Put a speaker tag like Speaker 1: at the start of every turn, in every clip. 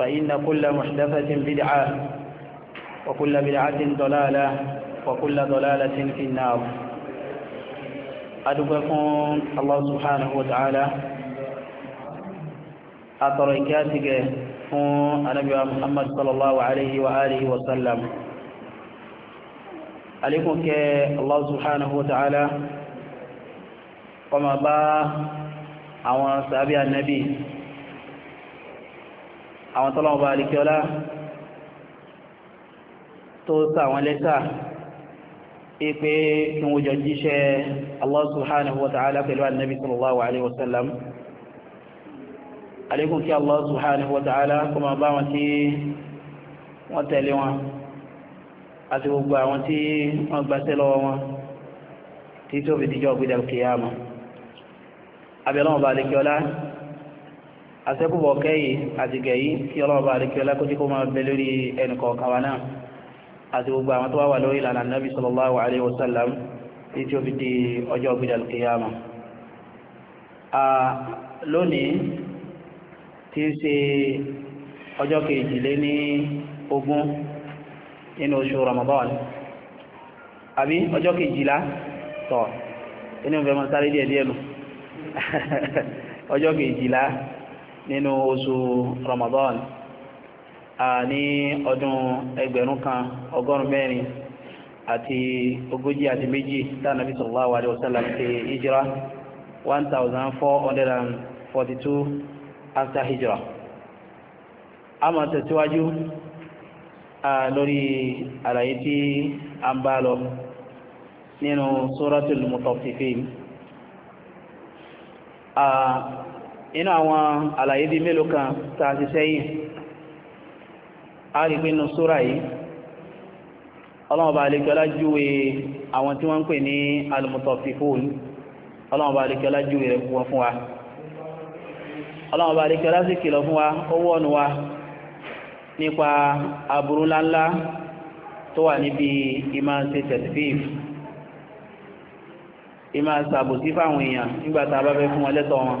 Speaker 1: فإن كل محدثة بدعة وكل بدعة ضلالة وكل ضلالة في النار أدبكم الله سبحانه وتعالى أتركاتك النبي محمد صلى الله عليه وآله وسلم عليكم الله سبحانه وتعالى وما با àwọn sàbí ànábì àwọn tọ́lọ́wọ́ bá alikiola tó sáwọn lẹ́sà ipe kí wọ́n jọ jíṣẹ́ Allah subhanahu wa ta'ala pẹ̀lú annabi sallallahu alaihi wasallam alékún kí Allah subhanahu wa ta'ala kuma bá wọn tí wọ́n tẹ̀lé àṣẹ́kùbọ̀ kẹ́yì àtìgẹ̀yí kí ọlọ́ọ̀bá àríkẹ́ ọlákójí kó máa bẹ lórí ẹnìkọ̀ọ̀kan wa náà àti gbogbo àwọn tó wà wà lórí ìlànà nàbí sallallahu alaihi wasallam tí tí ó fi di ọjọ́ ògbìdà kìyàmà lónìí tí í ṣe ọjọ́ kejìlé ní ogún nínú oṣù Ramadan ní ọdún ẹgbẹ̀rún kan ọgọ́rùn mẹ́rin àti ogójì àti méjì tánàbí sallallahu alaihi wasallam ti hijira 1442 after hijira a máa tẹ̀síwájú lórí àlàyé tí a ń bá lọ nínú suratul mutaffifin inú àwọn àlàyé bí mélòó kan tàà ti sẹ́yìn a rí pínu súra yìí ọlọ́mọba àlekọ́lá júwe àwọn tí wọ́n ń pè ní almutaffifun ọlọ́mọba àlekọ́lá júwe rẹ̀ wọ́n fún wa ọlọ́mọba àlekọ́lá sì kìlọ̀ fún wa ó wọ́nu wa nípa aburú ńláńlá tó wà níbi ìmáṣe tẹ̀sífìf ìmáṣe àbòsí èèyàn nígbà tá a bá fẹ́ fún wọn lẹ́tọ̀ọ́ wọn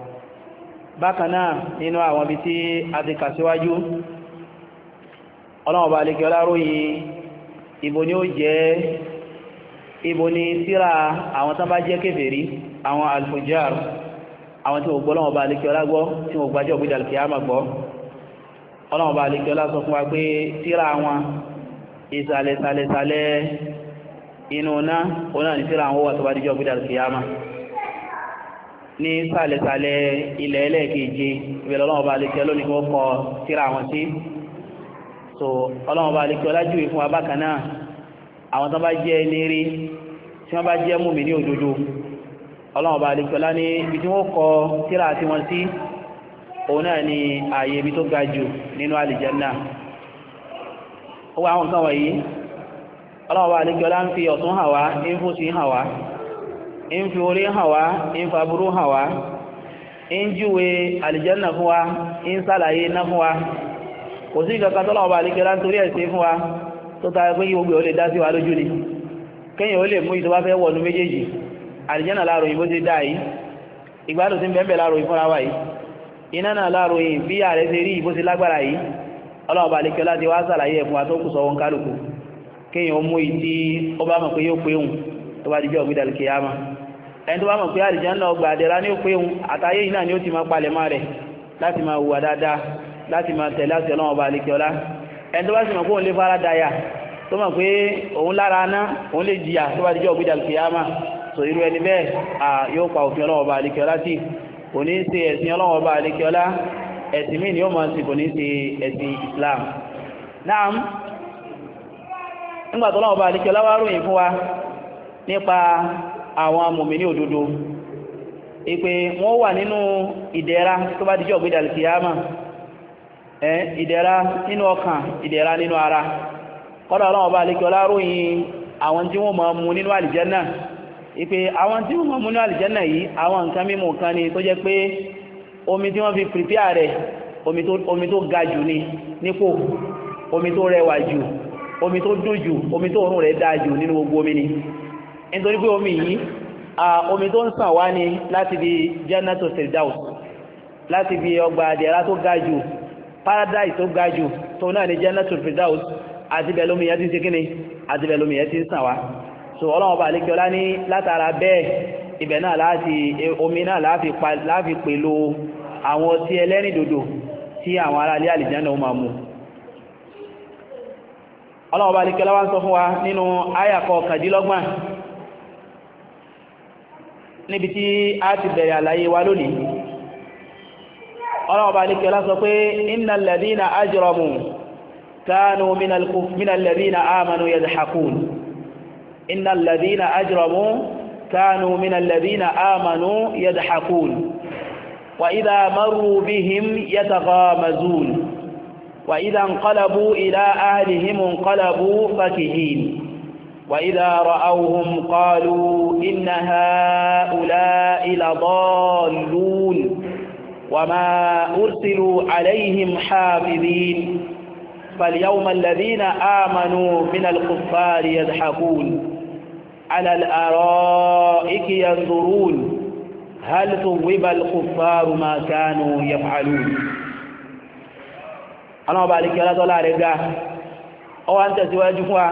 Speaker 1: bákanáà nínú àwọn ibi tí a ti kà síwájú ọlọ́wọ̀n bá lè kí ọláróyìn ibo ni ó jẹ́ ibo ni síra àwọn tán bá jẹ́ kèfèrí àwọn alfujar àwọn tí ó gbọ́ ọlọ́wọ̀n bá lè kí ọlá gbọ́ tí ó gbájọ́ ògbé dàlùkì àmà gbọ́ ọlọ́wọ̀n bá lè kí ọlá sọ fún inú náà ó náà ní síra àwọn wà tó díjọ́ ògbé dàlùkì ní sàlẹ̀sàlẹ̀ ilẹ̀ ẹlẹ́ẹ̀keje ìbẹ̀rẹ̀ ọlọ́run bá lékẹ́ lónìí kí wọ́n kọ síra wọn sí so ọlọ́run bá lékẹ́ ọlájúwe fún wa bákan náà àwọn tó bá jẹ́ nírí tí wọ́n bá jẹ́ mùmí ní òdodo ọlọ́run bá lékẹ́ ọlá ní ibi tí wọ́n kọ síra tí wọ́n sí òun náà ni ààyè ibi tó ga jù nínú àlìjẹ́nà ó wá àwọn nǹkan wọ̀nyí ọlọ́run bá lékẹ́ ọlá ń fi ọ̀tún hàn wá ń fòsí hàn ń fi orí hàn wá ń fa burú hàn wá ń júwe àlìjẹ́nà fún wa ń sàlàyé iná fún wa kò sí ìkankan tọ́lọ̀ ọba àlìkẹ́lá nítorí ẹ̀sìn fún wa tó tayọ pé kí gbogbo ò lè dá sí wa lójú ni kéèyàn ó lè mú ìtọ́wá fẹ́ wọ̀nú méjèèjì àlìjẹ́nà láàrò yìí bó ti dá yìí ìgbádùn ti ń bẹ́ẹ̀ láàrò yìí fúnra wa yìí iná náà láàrò bí ààrẹ ti rí ìbó ti lágbára yìí ọlọ́ọ̀bà àlìkẹ́lá ti wá sàlàyé ẹ̀fún wa tó kù sọ wọn ó mú ìtí ó mọ̀ pé yóò pé òun tó bá dijọ́ ògbé dàlùkì yá máa ẹni tó bá mọ̀ pé àlìjánnà ọgbà àdẹ̀rà ní òpé àtayé yìí náà ni ó ti máa palẹ̀ máa rẹ̀ láti máa hùwà dáadáa láti máa tẹ̀lé àti ọlọ́wọ́ bá àlekẹ́ ọlá ẹni tó bá sì mọ̀ pé òun lè fara daya tó mọ̀ pé òun lára aná òun lè jìyà tó bá irú ẹni bẹ́ẹ̀ à yóò pa òfin ọlọ́wọ́ bá ọlá tì kò ní ṣe ẹ̀sìn ọlọ́wọ́ bá ọlá ẹ̀sìn ni ó kò ní ṣe ẹ̀sìn Islam àwọn mùmínì òdodo ìpè wọ́n wà nínú ìdẹ̀ra tó bá dijọ́ gbéjà kìyàmà ẹ̀ ìdẹ̀ra nínú ọkàn ìdẹ̀ra nínú ara kọ́dọ̀ ọlọ́wọ́ bá lè kí ọláròyìn àwọn tí wọ́n máa mu nínú àlìjẹ́nà ìpè àwọn tí wọ́n máa mu nínú àlìjẹ́nà yìí àwọn nǹkan mímu kan ni tó jẹ́ nítorí pé omi yìí omi tó ń sàn wá ní láti bí Jannatu Firdaus láti bí ọgbà àdìyàrá tó ga jù paradise tó ga jù tó náà ní Jannatu Firdaus àti bẹ̀rẹ̀ lómi yẹn ti ṣe kíni àti bẹ̀rẹ̀ lómi ti sàn wá so ọlọ́wọ́ bá lékẹ́ ọlá ní látara bẹ́ẹ̀ ibẹ̀ náà láti omi náà láfi pèlò àwọn ọtí ẹlẹ́rìn dòdò tí àwọn aráalé àlìjáná ó máa mu ọlọ́wọ́ bá lékẹ́ ọlá sọ fún wa nínú áyà kọkàndínlọ́gbọ̀n níbi tí a ti bẹ̀rẹ̀ àlàyé wa lónìí ọlọ́ọ̀bá ní kẹlá sọ pé iná lẹ́dínà ajramu kánú mínà lẹ́dínà ámànú yadhakun iná lẹ́dínà ajramu kánú mínà lẹ́dínà ámànú yadhakun wa idha marru bihim yataghamazun wa idha inqalabu ila ahlihim inqalabu fakihin وإذا رأوهم قالوا إن هؤلاء لضالون وما أرسلوا عليهم حافظين فاليوم الذين آمنوا من الكفار يضحكون على الأرائك ينظرون هل ثوب الكفار ما كانوا يفعلون أنا بارك الله تعالى رجع أو أنت سواجه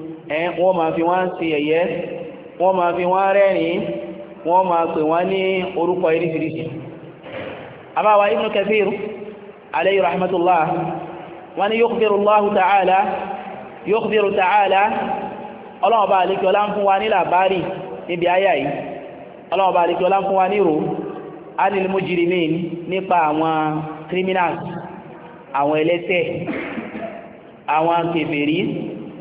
Speaker 1: ẹ̀ wọ́n máa fi wọ́n ṣe yẹ̀yẹ́ wọ́n ma fi wọ́n rẹ́rìn wọ́n ma pè wọ́n ní orúkọ alayhi rahmatullah wọ́n ni yukhbiru ta'ala ta'ala ọlọ́ọ̀bá àlekíọlá ń fún wa ní làbárì níbi ayá yìí ọlọ́ọ̀bá àlekíọlá ń fún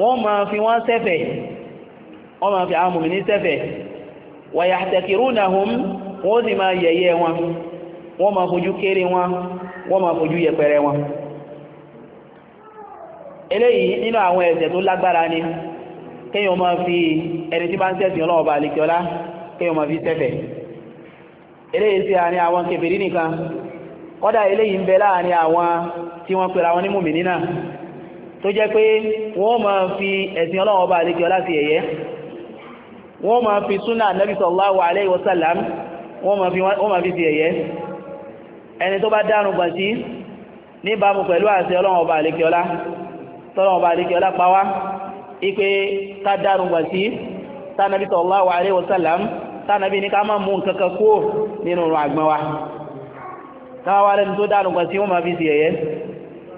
Speaker 1: wọ́n ma fi wọ́n sẹ́fẹ̀ wọ́n ma fi àwọn mùmìnì sẹ́fẹ̀ na wọ́n sì ma yẹ̀yẹ́ wọn wọ́n ma fojú kéré wọn wọ́n ma fojú yẹpẹrẹ wọn eléyìí nínú àwọn ẹ̀ṣẹ̀ tó lágbára ni kéèyàn ma fi ẹni tí bá ń àlekíọlá ma fi sẹ́fẹ̀ eléyìí sí àárín àwọn nìkan eléyìí ń bẹ láàárín àwọn tí wọ́n náà tó jẹ́ pé wọ́n máa fi ẹ̀sìn ọlọ́run ọba àlejò láti ẹ̀yẹ́ wọ́n máa fi súnà Nabi sallallahu alaihi wasallam wọ́n máa fi ti ẹ̀yẹ́ ẹni tó bá dánù gbàtí níbàámu pẹ̀lú àṣẹ ọlọ́run ọba àlejò ọlá tọ́lọ́run ọba àlejò ọlá alaihi wasallam tánàbí ní ká máa mú nǹkan kan kúrò nínú àgbọn wa táwa lẹ́nu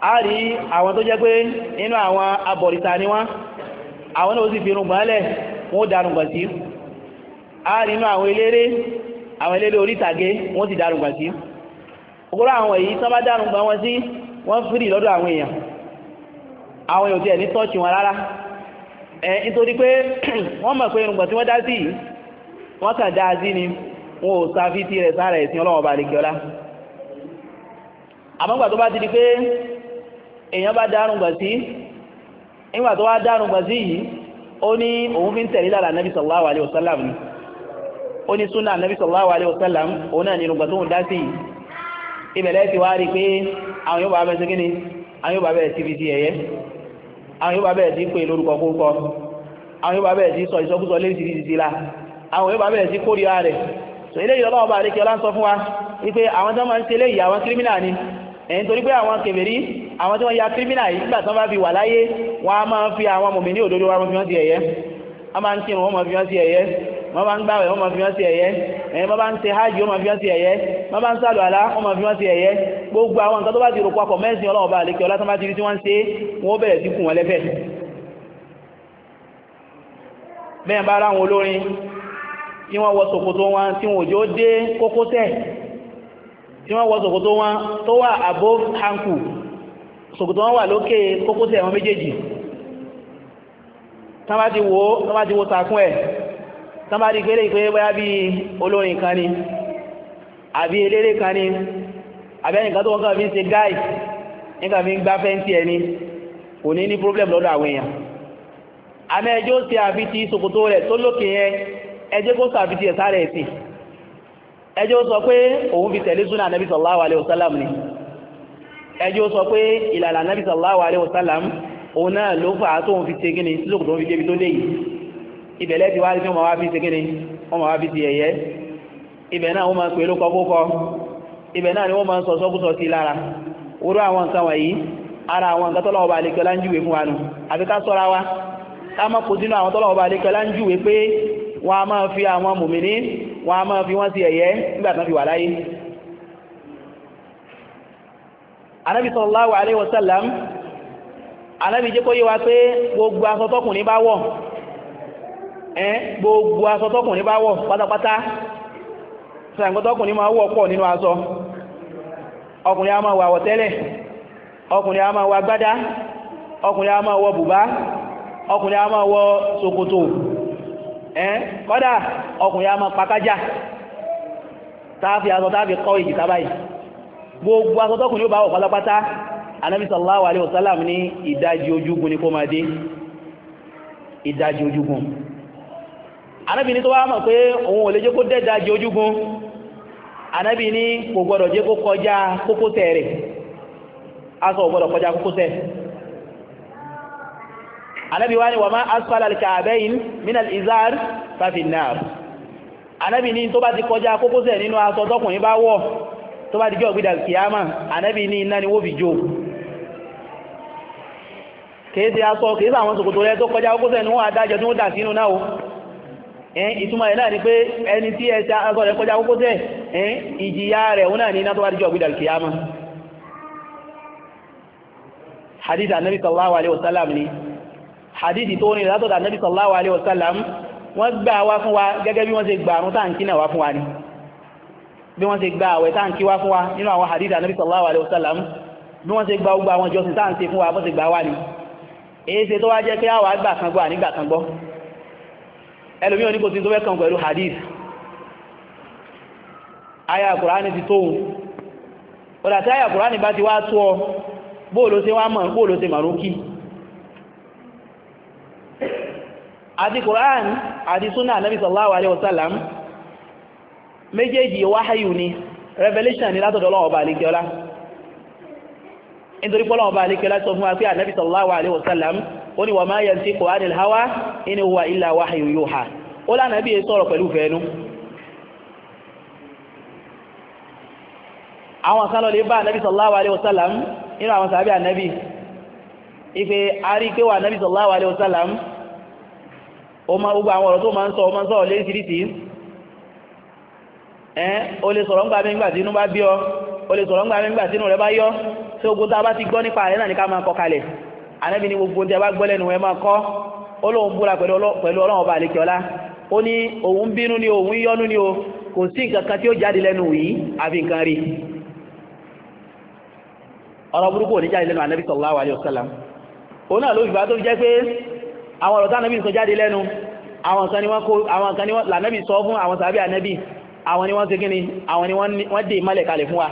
Speaker 1: a rí àwọn tó jẹ́ pé nínú àwọn abọ̀rìta ni wọ́n àwọn náà sì fi rùngbọ̀n lẹ̀ wọ́n darùngbọ̀n sí a rí inú àwọn eléré àwọn eléré orí wọ́n ogoro àwọn èyí tán bá wọn sí wọ́n fìrì lọ́dọ̀ àwọn èèyàn àwọn èèyàn tí ẹ̀ ní èyàn bá dárùn gbà sí nígbà tó wá dárùn sí yìí ó ní òun fi ń tẹ̀lé lára nabi sallallahu alaihi wasallam ni ó ní súnà nabi sallallahu alaihi wasallam òun náà ní irùngbà tó ń dá sí yìí ìbẹ̀lẹ̀ ti wá rí pé àwọn yóò bá bẹ̀rẹ̀ sí àwọn yóò bá sí àwọn yóò bá sí pé àwọn yóò bá sí sọ ìsọkúsọ lé la àwọn yóò bá bẹ̀rẹ̀ sí kórìíra rẹ̀ so eléyìí ọlọ́wọ́ bá rí kí ọlá ń sọ fún wa wípé àwọn tó máa ń ṣe eléyìí àwọn ni ẹ̀yìn eh, torí pé àwọn kèfèrí àwọn tí wọ́n ya kírímínà yìí tán bá fi wà láyé wọ́n a máa ń fi àwọn mùmínì òdodo wọn fi wọ́n ti ẹ̀yẹ wọ́n máa ń kírun wọ́n máa fi wọ́n ti ẹ̀yẹ wọ́n máa ń gbàwẹ̀ wọ́n máa fi wọ́n ti ẹ̀yẹ ẹ̀yìn eh, wọ́n máa ń ṣe hajj wọ́n máa fi wọ́n ti ẹ̀yẹ wọ́n máa ń sàlù àlá wọ́n máa fi wọ́n ti ẹ̀yẹ gbogbo àwọn nǹkan tó bá ti rò papọ̀ mẹ́sìn ọlọ́run bá àlekẹ́ ọlá tó bá ti rí tí wọ́n ń ṣe wọ́n bẹ̀rẹ̀ sí kùn wọn lẹ́fẹ̀ẹ́ bẹ́ẹ̀ bá ara àwọn olórin tí wọ́n tí wọ́n wọ ṣòkòtò wọn tó wà above ankle ṣòkòtò wọn wà lókè kókósẹ̀ wọn méjèèjì tán bá ti wo tán bá ti wo takún ẹ̀ tán bá ti gbélé ìpé bóyá bí olórin kan ni àbí eléré kan ni àbí ẹnìkan tó wọ́n kàn fi ń ṣe gáì nígbà fi ń gbá fẹ́ǹsì ẹni kò ní ní problem lọ́dọ̀ àwọn èèyàn àmẹ́ ẹjọ́ ṣe àfi ti ṣòkòtò rẹ̀ tó lókè yẹn ẹjẹ́ kó ṣàfihàn sáré ẹ̀sìn ẹjẹ́ ó sọ pé òun fi tẹ̀lé súnà nàbí sallallahu alaihi wasallam ni ẹjẹ́ ó sọ pé ìlànà nàbí sallallahu alaihi òun náà ló fà á tóun fi ṣe gíní sílùkù tó ń fi débi tó dé yìí ibẹ̀lẹ́ ti wá sí ọmọ wá fi ṣe gíní ọmọ wá fi ibẹ̀ náà wọ́n máa pè lókọ ni wọ́n máa ń sọ sọ́kúsọ sí lára orú ara àwọn nǹkan tọ́lọ́wọ́ bá alẹ́kẹ́ fún wa wa ká má kó sínú àwọn tọ́lọ́wọ́ bá alẹ́kẹ́ wọ́n a máa fi àwọn mùmìnì wọ́n a máa fi wọ́n sí ẹ̀yẹ́ nígbàtán fi wà láyé anábi sallallahu gbogbo aṣọ tọ́kùnrin bá wọ̀ gbogbo aṣọ tọ́kùnrin bá wọ̀ pátápátá sàǹgbọ́tọ́kùnrin máa wọ̀ pọ̀ nínú aṣọ ọkùnrin a máa wọ àwọ̀tẹ́lẹ̀ ọkùnrin a máa wọ agbádá ọkùnrin a máa wọ bùbá ọkùnrin a máa wọ sokoto ẹ́n kọ́dà ọkùnrin a máa pàkájá táàfi aṣọ táàfi kọ́ ìjì tábáyì gbogbo aṣọ tọ́kùnrin ó bá wọ̀ pátápátá anábì sallallahu alaihi wasallam ní ìdajì ojúgun ní kó máa dé ìdajì ojúgun anábì ní tó wá mọ̀ pé òun ò lè jẹ́ kó dé ìdajì ojúgun anábì ní kò gbọ́dọ̀ jẹ́ kó kọjá kókósẹ̀ rẹ̀ aṣọ ò gbọ́dọ̀ kọjá kókósẹ̀ rẹ̀ anabi wani wa ma asfala alka'abain min alizar fa fi an-nar anabi ní tó bá ti kọjá kókósẹ̀ nínú aṣọ tọkùnrin bá wọ̀ tó bá di jo gbida kiyama anabi ní iná ni wó fi jó ke ti aṣọ ke sa wọn ṣòkòtò rẹ̀ tó kọjá kókósẹ̀ ni wọ́n adajo tí wọ́n dà sínú náà o eh ìtumọ̀ ẹ̀ náà ni pé ẹni tí ẹ sa aṣọ rẹ̀ kọjá kókósẹ̀ eh ìjìyà rẹ̀ wọ́n náà ni iná tó bá di jo gbida kiyama hadith anabi sallallahu alaihi wasallam ni hadithi tó ní látọ̀dà nabi sallallahu alaihi wasallam wọ́n gbà wá fún wa gẹ́gẹ́ bí wọ́n ṣe gbà àrùn táǹkì náà wá fún wa ni bí wọ́n ṣe gbà àwẹ̀ táǹkì wá fún wa nínú àwọn hadith nabi sallallahu alaihi wasallam bí wọ́n ṣe gbà gbogbo àwọn jọsìn táǹkì fún wa bó ṣe gbà wá ni èyí ṣe tó wá jẹ́ pé àwa gbà kan gbọ́ àti Qur'an àti súnà anábì sallallahu alaihi wasallam méjèèjì wáhayù ni revelation ni látọ̀dọ̀ Ọlọ́run ọba àlekẹ́ọ́lá nítorí pọ́lọ́run ọba àlekẹ́ọ́lá sọ fún wa pé anábì sallallahu alaihi wasallam ó ní wa ma yantiqu anil hawa in huwa illa wahyu yuha ó lánàá bí sọ̀rọ̀ pẹ̀lú fẹ́ẹ́nu àwọn kan lọ lè bá anábì sallallahu alaihi wasallam nínú àwọn sàábì anábì ife arí pé wà anábì sallallahu alaihi wasallam ó máa gbogbo àwọn ọ̀rọ̀ tó máa ń sọ ọmọ sọ̀rọ̀ léṣiríṣi ẹ́n o lè sọ̀rọ̀ ńgbà mẹ́gbà tínú bá bí ọ o lè sọ̀rọ̀ ńgbà mẹ́gbà tínú rẹ bá yọ tí ogun tá a bá ti gbọ́ nípa rẹ̀ náà ní ká máa kọ kalẹ̀ Ànábì ni gbogbo tí a bá gbọ́ lẹ́nu ẹ máa kọ́ ó lóun búra pẹ̀lú Ọlọ́run ọba àlekè ọlá ó ní òun bínú ni o kò sí àwọn ọ̀rọ̀ tánàbí sọ jáde lẹ́nu àwọn kan ni wọ́n lànàbí sọ fún àwọn sàábí ànàbí àwọn ni wọ́n ṣe gíní àwọn ni wọ́n dè mọ́lẹ̀ kalẹ̀ fún wa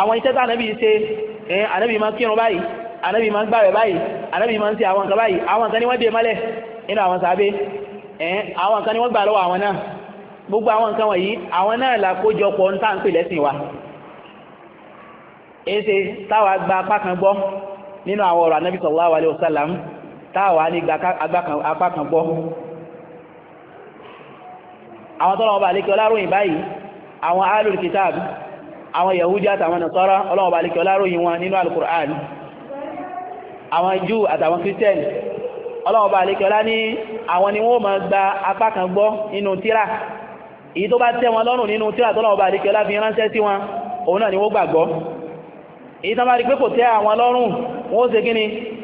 Speaker 1: àwọn iṣẹ́ tánàbí ṣe ẹ̀yìn ànàbí ma kírun báyìí ànàbí ma gbààwẹ̀ báyìí ànàbí ma ń ṣe àwọn kan báyìí àwọn kan ni wọ́n dè mọ́lẹ̀ nínú àwọn sàábé ẹ̀yìn àwọn kan ni wọ́n gbà lọ́wọ́ àwọn náà gbogbo àwọn nǹkan wọ̀nyí àwọn náà là kójọpọ̀ ń tà ń pè lẹ́sìn wa èsè táwa gba apá kan gbọ́ nínú àwọn ọ̀rọ̀ ànàbí sallallahu alaihi wasallam táàwà ní apá kan gbọ́ àwọn tọ́lọ̀ ọba àlékẹ́ ọláròyìn báyìí àwọn alul kitab àwọn yahudi àtàwọn nasara ọlọ́ọba àlékẹ́ ọláròyìn wọn nínú alukur'an àwọn jù àtàwọn christian ọlọ́ọba àlékẹ́ ọlá ní àwọn ni wọ́n ma gba apá kan gbọ́ nínú tíra èyí tó bá tẹ́ wọn lọ́rùn nínú tíra tọ́lọ̀ọba àlékẹ́ ni wọ́n gbàgbọ́ èyí tó bá rí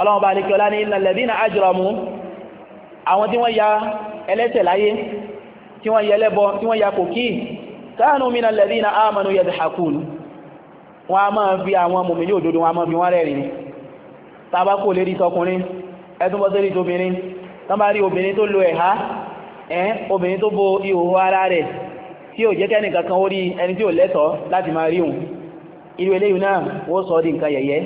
Speaker 1: ọlọ́wọ́n bá lè kíọ́lá ní innal ladhina ajramu àwọn tí wọ́n ya ẹlẹ́ṣẹ̀ láyé tí wọ́n ya ẹlẹ́bọ tí wọ́n ya kòkí kanu minal ladhina amanu yadhakun wọ́n a máa fi àwọn mòmìnì òdodo wọn a máa fi wọ́n rẹ̀rìn tàbá kò lérí tọkùnrin ẹtúnbọ́ sí ríṣ obìnrin tán bá rí obìnrin tó lo ẹ̀há ẹ́n obìnrin tó bo ihò ara rẹ̀ tí ò jẹ́ kẹ́ni kankan orí ẹni tí ò lẹ́tọ̀ọ́ láti máa rí òun irú eléyìí náà wọ́n sọ di nǹkan yẹ̀yẹ́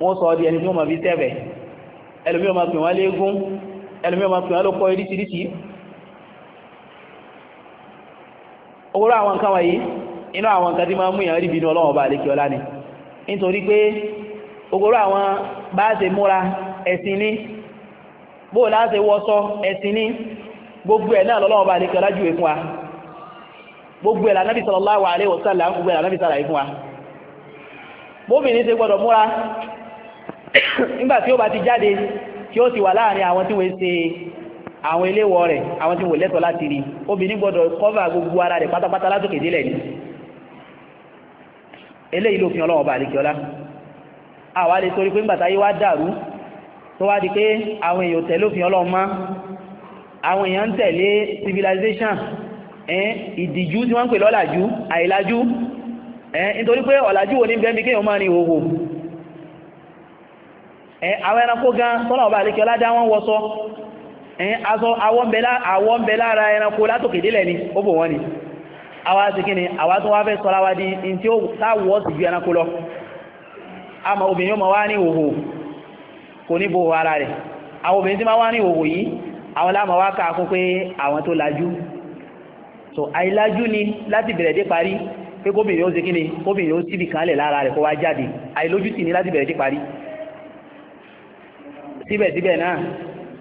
Speaker 1: wọ́n sọ ọdí ẹni tí wọ́n ma fi tẹ́bẹ̀ ẹlùmí ọmọ pè léegun ẹlùmí ọmọ pè ló kọ́ irísirísi ogoro àwọn nǹkan wáyé inú àwọn nǹkan tí ma mú ìyàn rí bínú ọlọ́wọ́ bá ọlá ni nítorí pé ogoro àwọn bá ṣe múra ẹ̀sìn ní bó láṣe ẹ̀sìn ní gbogbo ẹ̀ náà lọ́wọ́ bá àlékí ọlá jùwé fún wa gbogbo ẹ̀ nígbà tí ó bá ti jáde tí ó ti wà láàrin àwọn tí wọ́n ṣe àwọn iléwọ̀ rẹ̀ àwọn tí wọ́n lẹ́tọ̀ọ́ láti rí obìnrin gbọ́dọ̀ kọ́fà gbogbo ara rẹ̀ pátápátá látòkè délẹ̀ ni eléyìí ló fi ọlọ́wọ́ bá àlekíọ́lá àwa lè civilization ìdìjú tí wọ́n ń pè lọ́làjú àìlájú nítorí pé ọ̀làjú wo ní bẹ́ẹ̀ bí àwọn ẹranko gan tọ́nà ọba àríkẹ́ ọlá dá wọ́n wọ́sọ́ aṣọ àwọn bẹ lára ẹranko látòkèdélẹ̀ ni ó bò wọ́n ni àwa ti kíni àwa tó wá fẹ́ sọ́ra wá di in tí ó táwọ́ sí ju ẹranko lọ àmọ́ obìnrin ọmọ wá ní òhò kò ní bòhò ara rẹ̀ àwọn obìnrin tí ma wá ní ni láti bẹ̀rẹ̀ dé parí pé kóbìnrin ó ṣe kíni kóbìnrin ó síbì kanlẹ̀ lára rẹ̀ kó wá síbẹ̀síbẹ̀ náà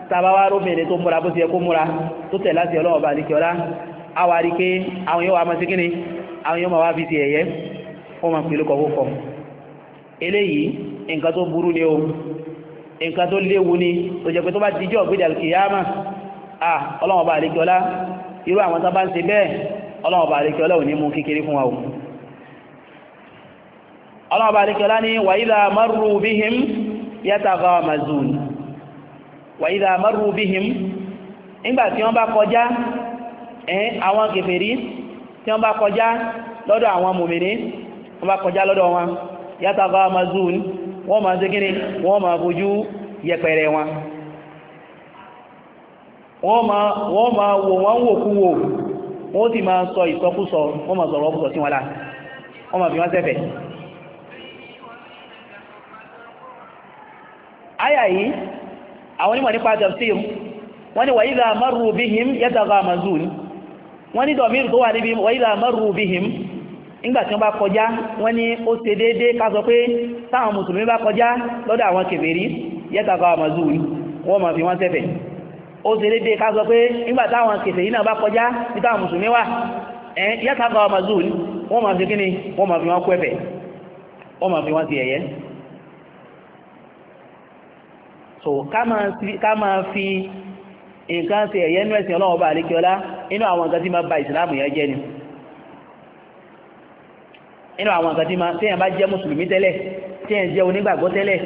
Speaker 1: tàbáwá róbìnrin tó múra bó ti yẹ kó múra tó tẹ̀ láti ọlọ́ọ̀bá àdíkẹ́ọlá àwárí pé àwọn yóò wá máa sí kíni àwọn yóò máa wá fi ti ẹ̀yẹ́ ó máa pèlú kọ̀kọ́kọ́ eléyìí nǹkan tó burú ni o nǹkan tó léwu ni tó jẹ́ pé tó bá dijọ́ ògbédà kìyàmà à ọlọ́ọ̀bá àdíkẹ́ọlá irú àwọn tó bá ń ṣe bẹ́ẹ̀ ọlọ́ọ̀bá wa o wa idha marru bihim nígbà tí wọ́n bá kọjá ẹ̀ẹ́n àwọn kèfèrí tí wọ́n bá kọjá lọ́dọ̀ àwọn mòmìnì wọ́n bá kọjá lọ́dọ̀ wọn yatagamazun wọ́n máa wọ́n ma fojú yẹpẹrẹ wọn wọ́n ma wò wọ́n sọ ìsọkúsọ wọ́n sọ̀rọ̀ sí wọn àwọn onímọ̀ nípa tafsir wọ́n ní wa idha marru bihim yataghamazun wọ́n ní dọ̀míru tó wà níbi wa idha marru bihim wọ́n bá kọjá wọ́n ní ó ṣe déédé ká pé táwọn mùsùlùmí bá kọjá lọ́dọ̀ àwọn kèfèrí yataghamazun wọ́n ma fi wọ́n tẹ́fẹ̀ ó ṣe déédé ká pé àwọn kèfèrí so ká máa fi nǹkan ṣe ẹ̀yẹ́ nínú ẹ̀sìn ọlọ́run ọba àlékiọlá inú àwọn nǹkan tí máa ba ìsìláàmù yẹn jẹ́ ni inú àwọn nǹkan tí máa téèyàn bá jẹ́ mùsùlùmí tẹ́lẹ̀ téèyàn jẹ́ onígbàgbọ́ tẹ́lẹ̀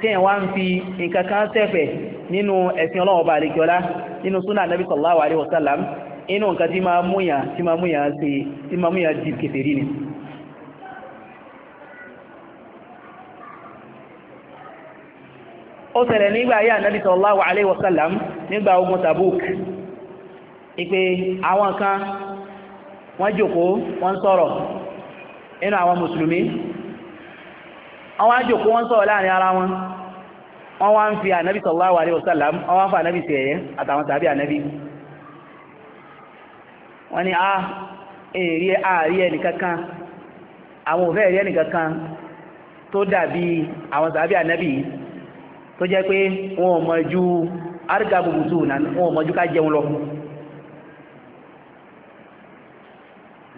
Speaker 1: téèyàn wá ń fi nǹkan kan ṣẹ̀fẹ̀ nínú ẹ̀sìn ọlọ́run ọba àlékiọlá nínú súnà nàbí sallallahu alaihi wasallam inú nǹkan tí máa múyàn tí máa múyàn ṣe tí máa múyàn di kèfèrí ni ó ṣẹlẹ̀ nígbà ayé ànábì sallallahu alaihi wasallam nígbà ogun Tabuk ìpè àwọn kan wọ́n jókòó wọ́n sọ̀rọ̀ inú àwọn musulmi àwọn àjòkó wọ́n sọ̀rọ̀ láàrin ara wọn wọ́n wá ń fi ànábì sallallahu alaihi wasallam wọ́n wá fa ànábì sí àtàwọn tàbí ànábì wọ́n ah, a èrí ààrí ẹnìkankan àwọn òfẹ́ èrí ẹnìkankan tó dàbí àwọn tàbí ànábì tó jẹ́ pé wọn ò mọ̀ ju arga bubutu náà wọn ò mọ̀ ju ká jẹun lọ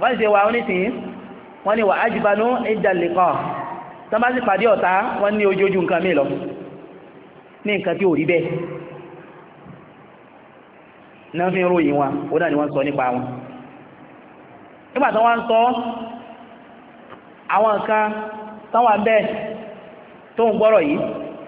Speaker 1: wọ́n ṣe wà onísìn wọ́n ni wà ájìbánú ìdàlẹ̀kọ́ tán bá sì pàdé ọ̀tá wọ́n ní ojójú nǹkan mí lọ ní nǹkan tí ò rí bẹ́ẹ̀ náà fi ń ròyìn wọn ó dà ní wọ́n sọ nípa wọn nígbà tán wọ́n sọ àwọn nǹkan tán wà bẹ́ẹ̀ tó ń gbọ́rọ̀ yìí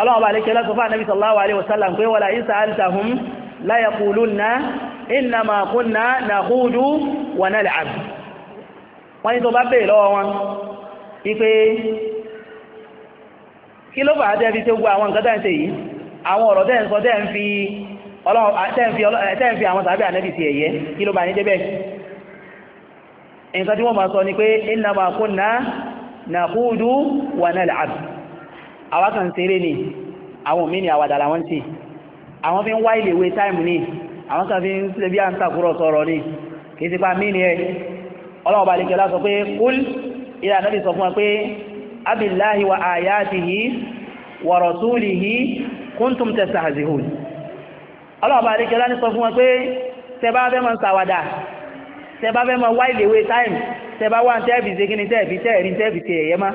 Speaker 1: ọlọ́wọ́ bá lékẹ́ lọ́sọ̀fà anábì sallallahu alaihi wasallam pé wala in sa'altahum la yaqulunna innama kunna nakhudu wa nal'ab wọ́n ní tó bá bèèrè lọ́wọ́ wọn ipé kí ló fàá tẹ́ fi tí ó gbọ́ àwọn nǹkan tẹ́ ń ṣe yìí àwọn ọ̀rọ̀ tẹ́ ń sọ tẹ́ ń fi àwọn tàbí ànábì sí ẹ̀yẹ kí àwa kan ṣeré ni àwọn mí ni àwàdà làwọn ṣe àwọn fi ń wá ilé ìwé táìmù ni àwọn kan fi ń ṣe bí à ń tàkúrọ̀ sọ̀rọ̀ ni kìí sí pa mí ni ẹ ọlọ́wọ́ bá lè jẹ́ lásọ pé kúl ilé ànábì sọ fún wa pé abillahi wa ayatihi wa rasulihi kuntum tastahzihun ọlọ́wọ́ bá lè jẹ́ lásọ fún wa pé tẹ bá fẹ́ mọ́ ṣàwàdà tẹ bá fẹ́ mọ́ wá ilé ìwé táìmù tẹ bá wá ń tẹ́ẹ̀fì ṣe kí ni tẹ́ẹ̀fì tẹ́ẹ̀rí tẹ́ẹ̀fì tẹ́ẹ̀yẹ́ máa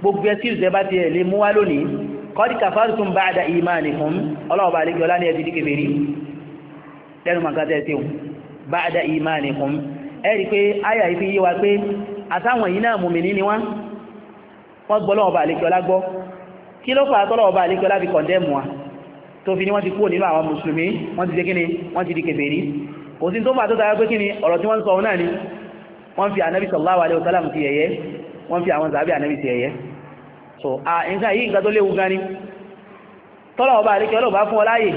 Speaker 1: gbogbo ẹtí ìṣẹ́ bá ti lè mú wá lónìí kọ́dí kàfàrùtùm bá àdá ìmánìkùm ọlọ́ọ̀bà àlejò ọlá ní ẹbí ní kèfèrí lẹ́nu màkàtà ẹ̀sìn bá àdá ìmánìkùm ẹ̀rí pé àyà yìí fi yé wa pé àtàwọn yìí náà mùmìnì ni wọ́n wọ́n gbọ́ lọ́wọ́ àlejò ọlá gbọ́ kí ló fà tọ́lọ́wọ́ àlejò ọlá fi kọ̀ndẹ́mù wa ní wọ́n ti kúrò wọ́n ni wọ́n fi ànábì alaihi wasallam ti yẹ̀yẹ́ wọ́n fi àwọn sàábì ànábì ti so a nǹkan yìí nǹkan tó léwu gan ni tọ́lọ̀ ọba àríkẹ́ ọlọ́ọ̀bá fún ọ láàyè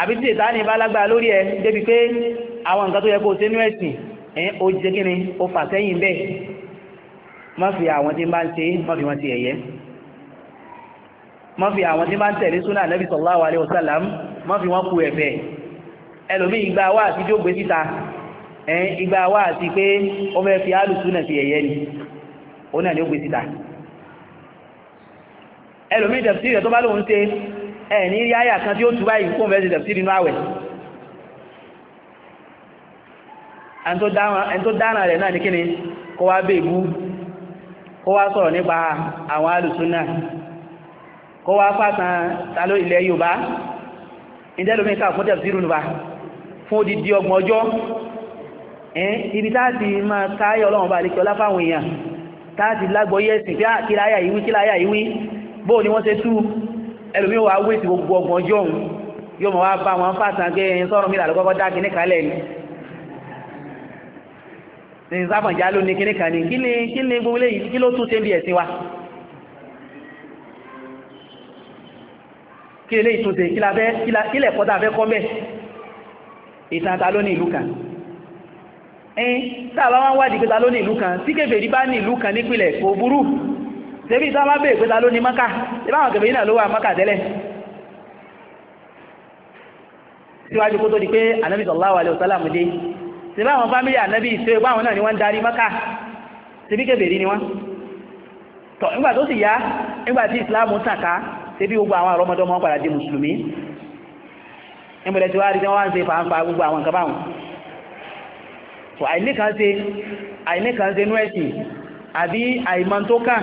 Speaker 1: àbí tí ìta ní bá lágbára lórí ẹ débi pé àwọn nǹkan tó yẹ kó o ṣe nú ẹ̀sìn ẹ̀ o jẹ́ kí ni o fà sẹ́yìn bẹ́ẹ̀ má fi àwọn tí ń bá ń ṣe má fi wọn ti ẹ̀yẹ má fi àwọn tí ń bá ń tẹ̀lé súnà nẹ́bí sallallahu alaihi wasallam má fi wọn ku ẹ̀fẹ̀ ẹlòmí ìgbà wà àti jógbé síta ìgbà wà àti pé ó fẹ́ fi alùsúnà ti ẹ̀yẹ ni òun náà ni ó gbé síta ẹlòmí tẹ̀síìrì tó bá lóun ṣe ẹ̀ ní rí àyà kan tí ó tú báyìí fún fẹ́ẹ́ ṣe tẹ̀síìrì inú àwẹ̀ ẹni tó dára rẹ̀ náà ní kíni kó wá bè bú kó wá sọ̀rọ̀ nípa àwọn alùsùnà kó wá fásán talo ilẹ̀ Yorùbá ìdẹ́lòmí ká fún tẹ̀síìrì nù bá fún odidi ọgbọ̀n ọjọ́ ibi táàtì máa káyọ̀ ọlọ́run bá lè kí ọlá fáwọn èèyàn táàtì ìwí ah, kí ìwí bóò ni wọ́n ṣe tú ẹlòmí wa wé sí gbogbo ọgbọ̀n jọ òun yóò mọ̀ wá bá wọn fàtàn gé ẹyin sọ́run mi làlọ́kọ́kọ́ dá kíní kan lẹ́nu ní sábàjá ló ní kíní kan ní kí ni kí ni gbogbo eléyìí kí ló tún ṣe ń bí ẹ̀sìn wa kí lè tún ṣe kí lè kọ́ta fẹ́ kọ́ mẹ́ ìtàn ta ló ní ìlú kan ẹ̀yìn tàbá wọn wádìí pé ta ló ní ìlú kan tí kèfèrí bá ní ìlú kan nípìnlẹ̀ kò burú tẹ́bí ìtọ́ bá bèèrè pẹ́ta ló ní mọ́ká ìbáwọn kẹfẹ́ náà ló wà mọ́ká tẹ́lẹ̀ síwájú kó tó di pé anábì sallallahu alaihi wasallam dé ṣe báwọn fámílì anábì ṣe báwọn náà ni wọ́n darí mọ́ká ṣe bí kèbèrè ni wọ́n tọ̀ nígbà tó sì yá nígbà tí ìsìláàmù tàn ká ṣe bí gbogbo àwọn àrọ́mọdọ́mọ padà di mùsùlùmí níbẹ̀rẹ̀ tí wá rí tí wọ́n wá ń ṣe fàánfà gbogbo àwọn nǹkan báwọn àìníkànṣe àìníkànṣe nú ẹ̀sìn àbí àìmọ̀ tó kàn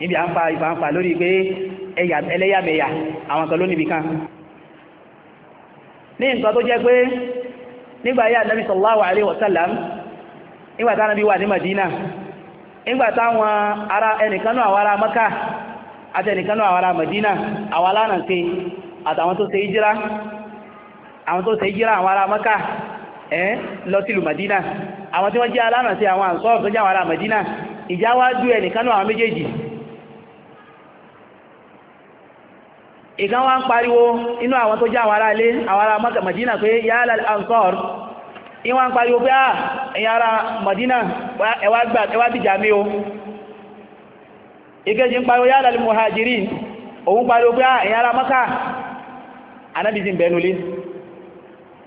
Speaker 1: níbi à ń fa ìfà ń fa lórí pé ẹlẹ́yàmẹ̀yà àwọn kan ló níbi kan ní nǹkan tó jẹ́ pé nígbà yà nàbí sallallahu alaihi wasallam nígbà táwọn bí wà ní Madina nígbà táwọn ara ẹnìkan náà Maka àti ẹnìkan náà àwọn Madina àwọn alánàṣe àtàwọn tó àwọn Maka lọ Madina àwọn tí wọ́n jẹ́ ìkan wá ń pariwo inú àwọn tó já àwọn ilé àwọn Madina pé yálà Ansar ìwọ́n ń pariwo pé ah, ẹ̀yà ará Madina ẹwà dìjà mí o ìkejì ń pariwo yálà Muhajirin òun pariwo pé ah, ẹ̀yà ará Maka anábi ti bẹ̀nulé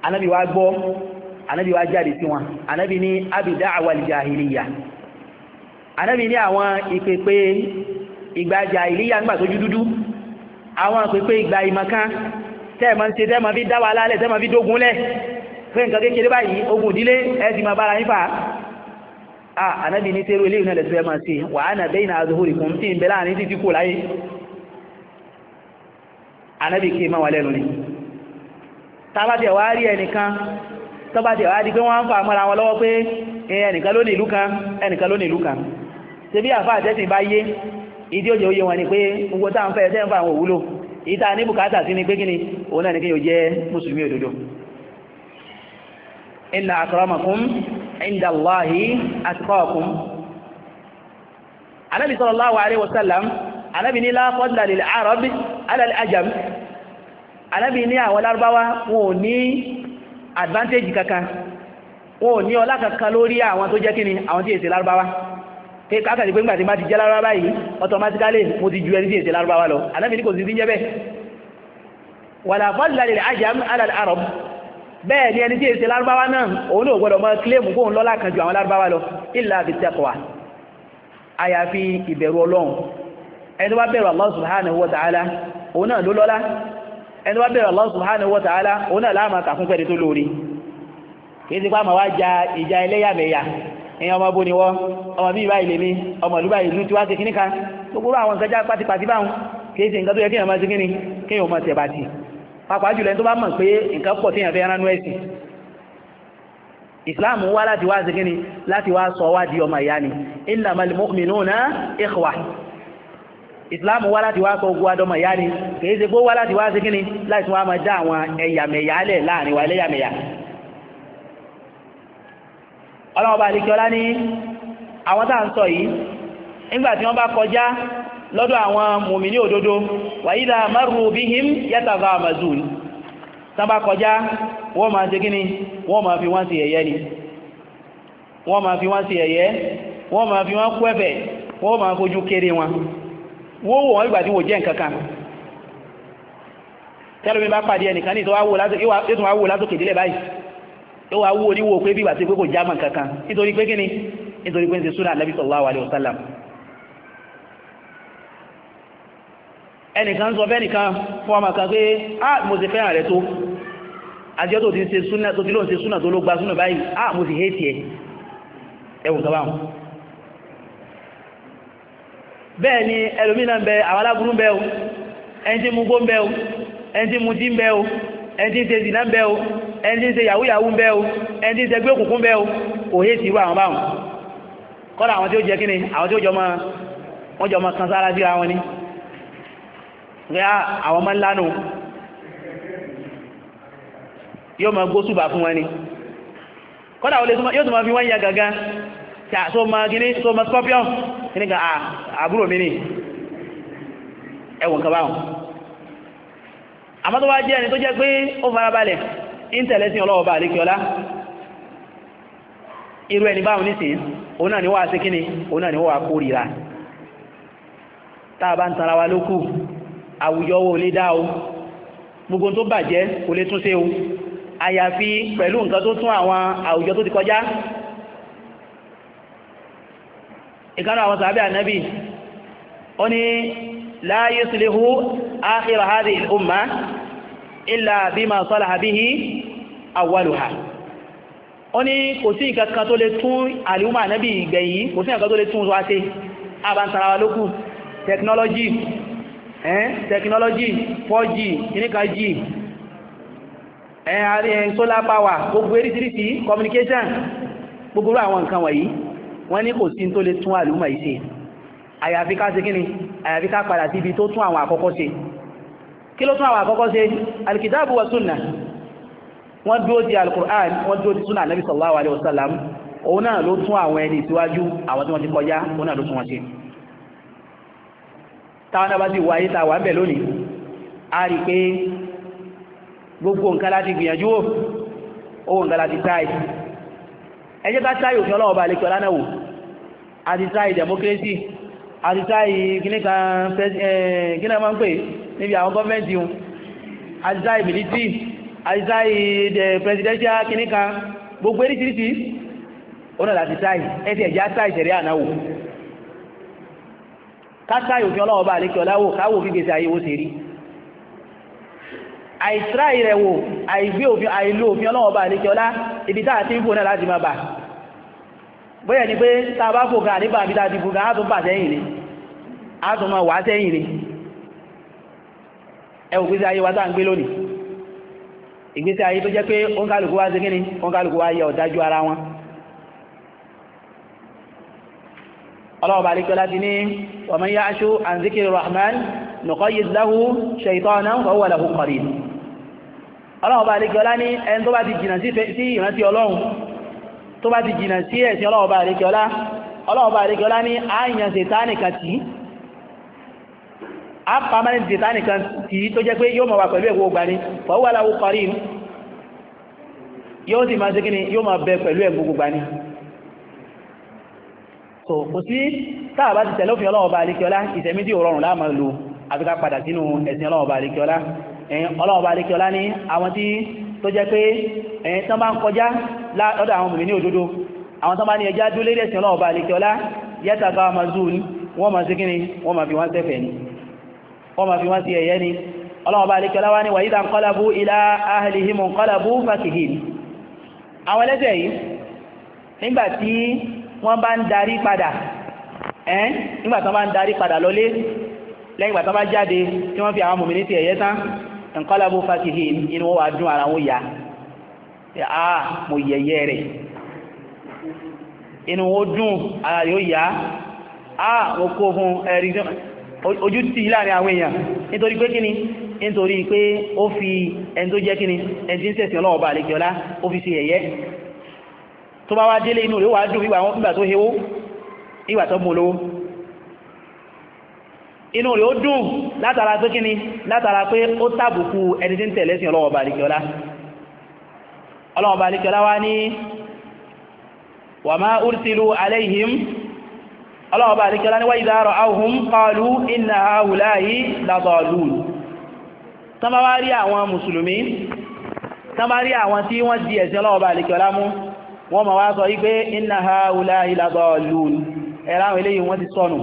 Speaker 1: anábi wá gbọ́ anábi wá jáde sí wọn anábi ní abìdá àwàlì jahiliya anábi ní àwọn ìpèpè ìgbà jahiliya nígbà tó jú dúdú àwọn àpèpé ìgbà ìmọ̀kan tẹ́ẹ̀mọ̀ ṣe tẹ́ẹ̀mọ̀ fi dá wa lálẹ̀ tẹ́ẹ̀mọ̀ fi dógun lẹ̀ pé nǹkan kékeré báyìí ogun ìdílé ẹ̀sì máa bára yín fà á ànábì ní tẹ́rù eléyìí náà lẹ́sẹ̀ máa ṣe wà á nà bẹ́yìn náà zuhuri kùn tí ń bẹ láàrin títí kò láyé ànábì kí máa wà lẹ́nu ni tábàtẹ̀ wá rí ẹnìkan tọ́bàtẹ̀ wá di pé wọ́n ń fà mọ́ra wọn lọ́wọ́ pé ẹnìkan ló ní ìlú kan ẹnìkan ló ní ìlú kan ṣe bí àfáà tẹ́sìn bá yé ìdí òjò oyé wọn ni pé gbogbo táwọn fẹ́ tẹ́ ń fa àwọn òwúlò ìta ní bùkátà sí ni pé kíni òun náà ni kí yóò jẹ́ mùsùlùmí òdodo inna akramakum inda Allahi atqakum anábì sallallahu alaihi wasallam ní la kákàtí pé ńgbà tí má ti jẹ́ lárúbá báyìí automatically mo ti ju ẹni tí èsè lárúbá wa lọ anábì ní kò sí sí jẹ́ bẹ́ẹ̀ wàlà fọ́lá lè ajam ala al-arab bẹ́ẹ̀ ni ẹni tí èsè lárúbá wa náà òun náà gbọ́dọ̀ mọ́ claim kó ń lọ́lá kan ju àwọn lárúbá wa lọ illa bi taqwa àyàfi ìbẹ̀rù ọlọ́run ẹni tó bá bẹ̀rù Allah subhanahu wa ta'ala o na ló lọ́lá ẹni wá bẹ̀rẹ̀ Allah subhanahu wa ta'ala òun náà láàmà kàfún pẹ̀lú tó lórí kìí sí pàmà wá ja ìjà ẹlẹ́yàmẹ̀yà èyàn ọmọ bó ni wọ́ ọmọ bí ìbá ilé mi ọmọ ìlú báyìí ìlú tí wá ṣe kíní kan gbogbo àwọn nǹkan já pátipàti báhùn kìí ṣe nǹkan tó yẹ kí èyàn máa ṣe kíní kí èyàn máa tẹ̀ bàtì pàápàá jùlọ ẹni tó bá mọ̀ pé nǹkan pọ̀ tí èyàn fẹ́ ránú ẹ̀sìn islam wá láti wá ṣe kíní láti wá ọlọ́ọ̀bá àdíkíọlá ní àwọn tàà ń sọ yìí nígbàtí wọ́n bá kọjá lọ́dọ̀ àwọn mùmìní òdodo wàyídà márù bíhìm yàtàzà àmàzùn tán bá kọjá wọ́n máa ṣe gíní wọ́n máa fi wọ́n sí ẹ̀yẹ́ ni wọ́n máa fi wọ́n sí ẹ̀yẹ́ wọ́n máa fi wọ́n kú ẹ̀fẹ̀ wọ́n máa fojú kéré wọn wọ́n wò wọ́n ìgbàtí wò jẹ́ nǹkankan tẹ́lómi bá pàdé ẹnìkan ní ìtọ́wà wò látòkè délẹ̀ báyìí yóò wá wó oníwò pé bí ìgbà tí pé kò jámọ̀ kankan nítorí pé kíni nítorí pé ń ṣe súnà ànábì sallallahu alaihi wasallam ẹnìkan sọ fẹ́nìkan fún ọmọ kan pé ah mo ti fẹ́ràn rẹ tó àjọ tó ti ń ṣe súnà tó ti lóun ṣe súnà tó ló gba súnà báyìí ah mo sì hétì ẹ ẹni tí mú gbó ń bẹ o ẹni tí mú tí ń bẹ o ẹni tí ń ṣe zìnà ń bẹ o ẹni tí ń ṣe yahoo yahoo ń bẹ o ẹni tí ń ṣe gbé òkùnkùn bẹ o kò hé sí irú àwọn báwọn kọ́dà àwọn tí ó jẹ́ kí ni àwọn tí ó jọmọ wọ́n kan sára síra wọn ni pé àwọn ọmọ ńlá nù yóò máa gbósùbà fún wọn ni kọ́dà yóò tún máa fi wọ́n ya gangan tí a so ma gini so ma scorpion ní ga àbúrò mi ní ẹwọ̀n kaba wọn àmọ́ tó wá jẹ́ ẹni tó jẹ́ pé ó farabalẹ̀ ń tẹ̀lé sí ọlọ́wọ́ bá àlékiọlá irú ẹni báwọn nísìn òun náà ni wọ́n àti kíni òun náà ni wọ́n àkórìíra táà bá ń tara wa lókù àwùjọ wo lè dá o gbogbo tó bàjẹ́ kò lè túnṣe o àyàfi pẹ̀lú nǹkan tó tún àwọn àwùjọ tó ti kọjá ìkánú àwọn sàábẹ́ ànábì ó ní la yuslihu akhira hadhihi al-umma illa bima salaha bihi awwaluha wọ́n ní kò sí nǹkan kan tó lè tún àlìúmà ànábì ìgbẹ̀yìn kò sí nǹkan tó lè tún wá abantarawa lókù technology eh technology 4g kìníkan g ẹ̀yìn solar power gbogbo eríṣiríṣi communication gbogbo àwọn nǹkan wọ̀nyí wọ́n ní kò sí tó lè tún àlúmà ìṣe àyàfi ká ṣe kí ni àyàfi ká padà sí ibi tó tún àwọn àkọ́kọ́ ṣe kí ló tún àwọn àkọ́kọ́ ṣe alkitabu wa sunna wọ́n dúró ti alukur'an wọ́n dúró ti súnà nàbí sallallahu alaihi wasallam òun náà ló tún àwọn ẹni ìtíwájú àwọn tí wọ́n ti kọjá òun náà ló tún wọn ṣe táwọn náà bá ti wáyé ta wà ń bẹ̀ lónìí a rí pé gbogbo nǹkan láti gbìyànjú wò owó nǹkan láti táì ẹ àìsáì the eh, presidential kìnníkan gbogbo eríṣiríṣi ó náà sáì ẹsẹ̀ ìjà sáì ṣẹ̀rẹ̀ ànáwò kásáì òfin ọláwò káwò fi gbèsè àyèwò rí àìsíráì rẹ̀ àìgbé òfin àìlò òfin ọlọ́wọ́ ibi náà láti ni pé a bá ìgbésí ayé tó jẹ́ pé oúnkàlùkù wá zikini oúnkàlùkù wá yẹ ọ̀dájú ara wọn ọlọ́ọ̀bà alìkọlá ti ní ọmọ yá aṣú an zikiri rahman nuqayyid lahu shaytanan wa huwa lahu qarin ọlọ́ọ̀bà alìkọlá ní ẹn tó bá ti jìnà sí ìrántí ọlọ́run tó bá ti jìnà sí ẹ̀sìn ọlọ́ọ̀bà a permanent design kan tí tó jẹ́ pé yóò máa wà pẹ̀lú ẹ̀wọ̀ gbani fọwọ́ aláwọ̀ parí yóò sì máa ṣe yóò máa bẹ pẹ̀lú ẹ̀gbogbo gbani so kò sí táàbá ti tẹ̀lé òfin ọlọ́wọ́ bá alékiọlá ìtẹ̀mí tí ò rọrùn láàmà lò àfikà padà sínú ẹ̀sìn ọlọ́wọ́ bá alékiọlá ẹ̀yìn ọlọ́wọ́ bá alékiọlá ní àwọn tí tó jẹ́ pé ẹ̀yìn tán bá ń kọjá lọ́dọ̀ àwọn mùmí ní òdodo àwọn tán bá ní ẹjá dúlé ẹ̀sìn ọlọ́wọ́ wọ́n máa sí kíni wọ́n máa fi wọ́n sẹ́fẹ̀ẹ́ ni wọ́n ma fi wọ́n sí ẹ̀yẹ́ ni ọlọ́wọ́ bá alékẹ́ láwá ní wà ìdá kọ́lábú ilá ahìlìhìmù kọ́lábú fàkìhìn àwọn ẹlẹ́ṣẹ̀ yìí nígbàtí wọ́n bá ń darí padà ẹ́n nígbàtí wọ́n bá ń darí padà lọlé lẹ́yìn gbàtí wọ́n bá jáde tí wọ́n fi àwọn mòmìnì ti ẹ̀yẹ́ tán nkọ́lábú fàkìhìn inú wà dún ara wọn yá mo yẹ̀yẹ́ rẹ̀ inú wọn dún ara yóò yá mo kó fún ẹ̀rí ojú títì láàrin àwọn èèyàn nítorí pé kíni nítorí pé ó fi ẹni tó jẹ́ kíni ẹni tí ń sẹ̀sìn ọlọ́wọ́ bá àlejò ọlá ó fi ṣe ẹ̀yẹ tó bá wá délé inú rẹ̀ wá dùn nígbà tó hewó nígbà tó mú inú rẹ̀ ó dùn látara pé kíni látara pé ó tàbùkù ẹni tí ń tẹ̀lé sí ọlọ́wọ́ bá alékẹ́lá ní wáyé dáárọ̀ ahùn qalu inna haula'i ladalun tánbárí àwọn mùsùlùmí tánbárí àwọn tí wọ́n di ẹ̀sìn ọlọ́wọ́ bá alékẹ́lá mú wọ́n ma wá sọ wípé inna haula'i ladalun ẹ̀rá àwọn eléyìí wọ́n ti sọnù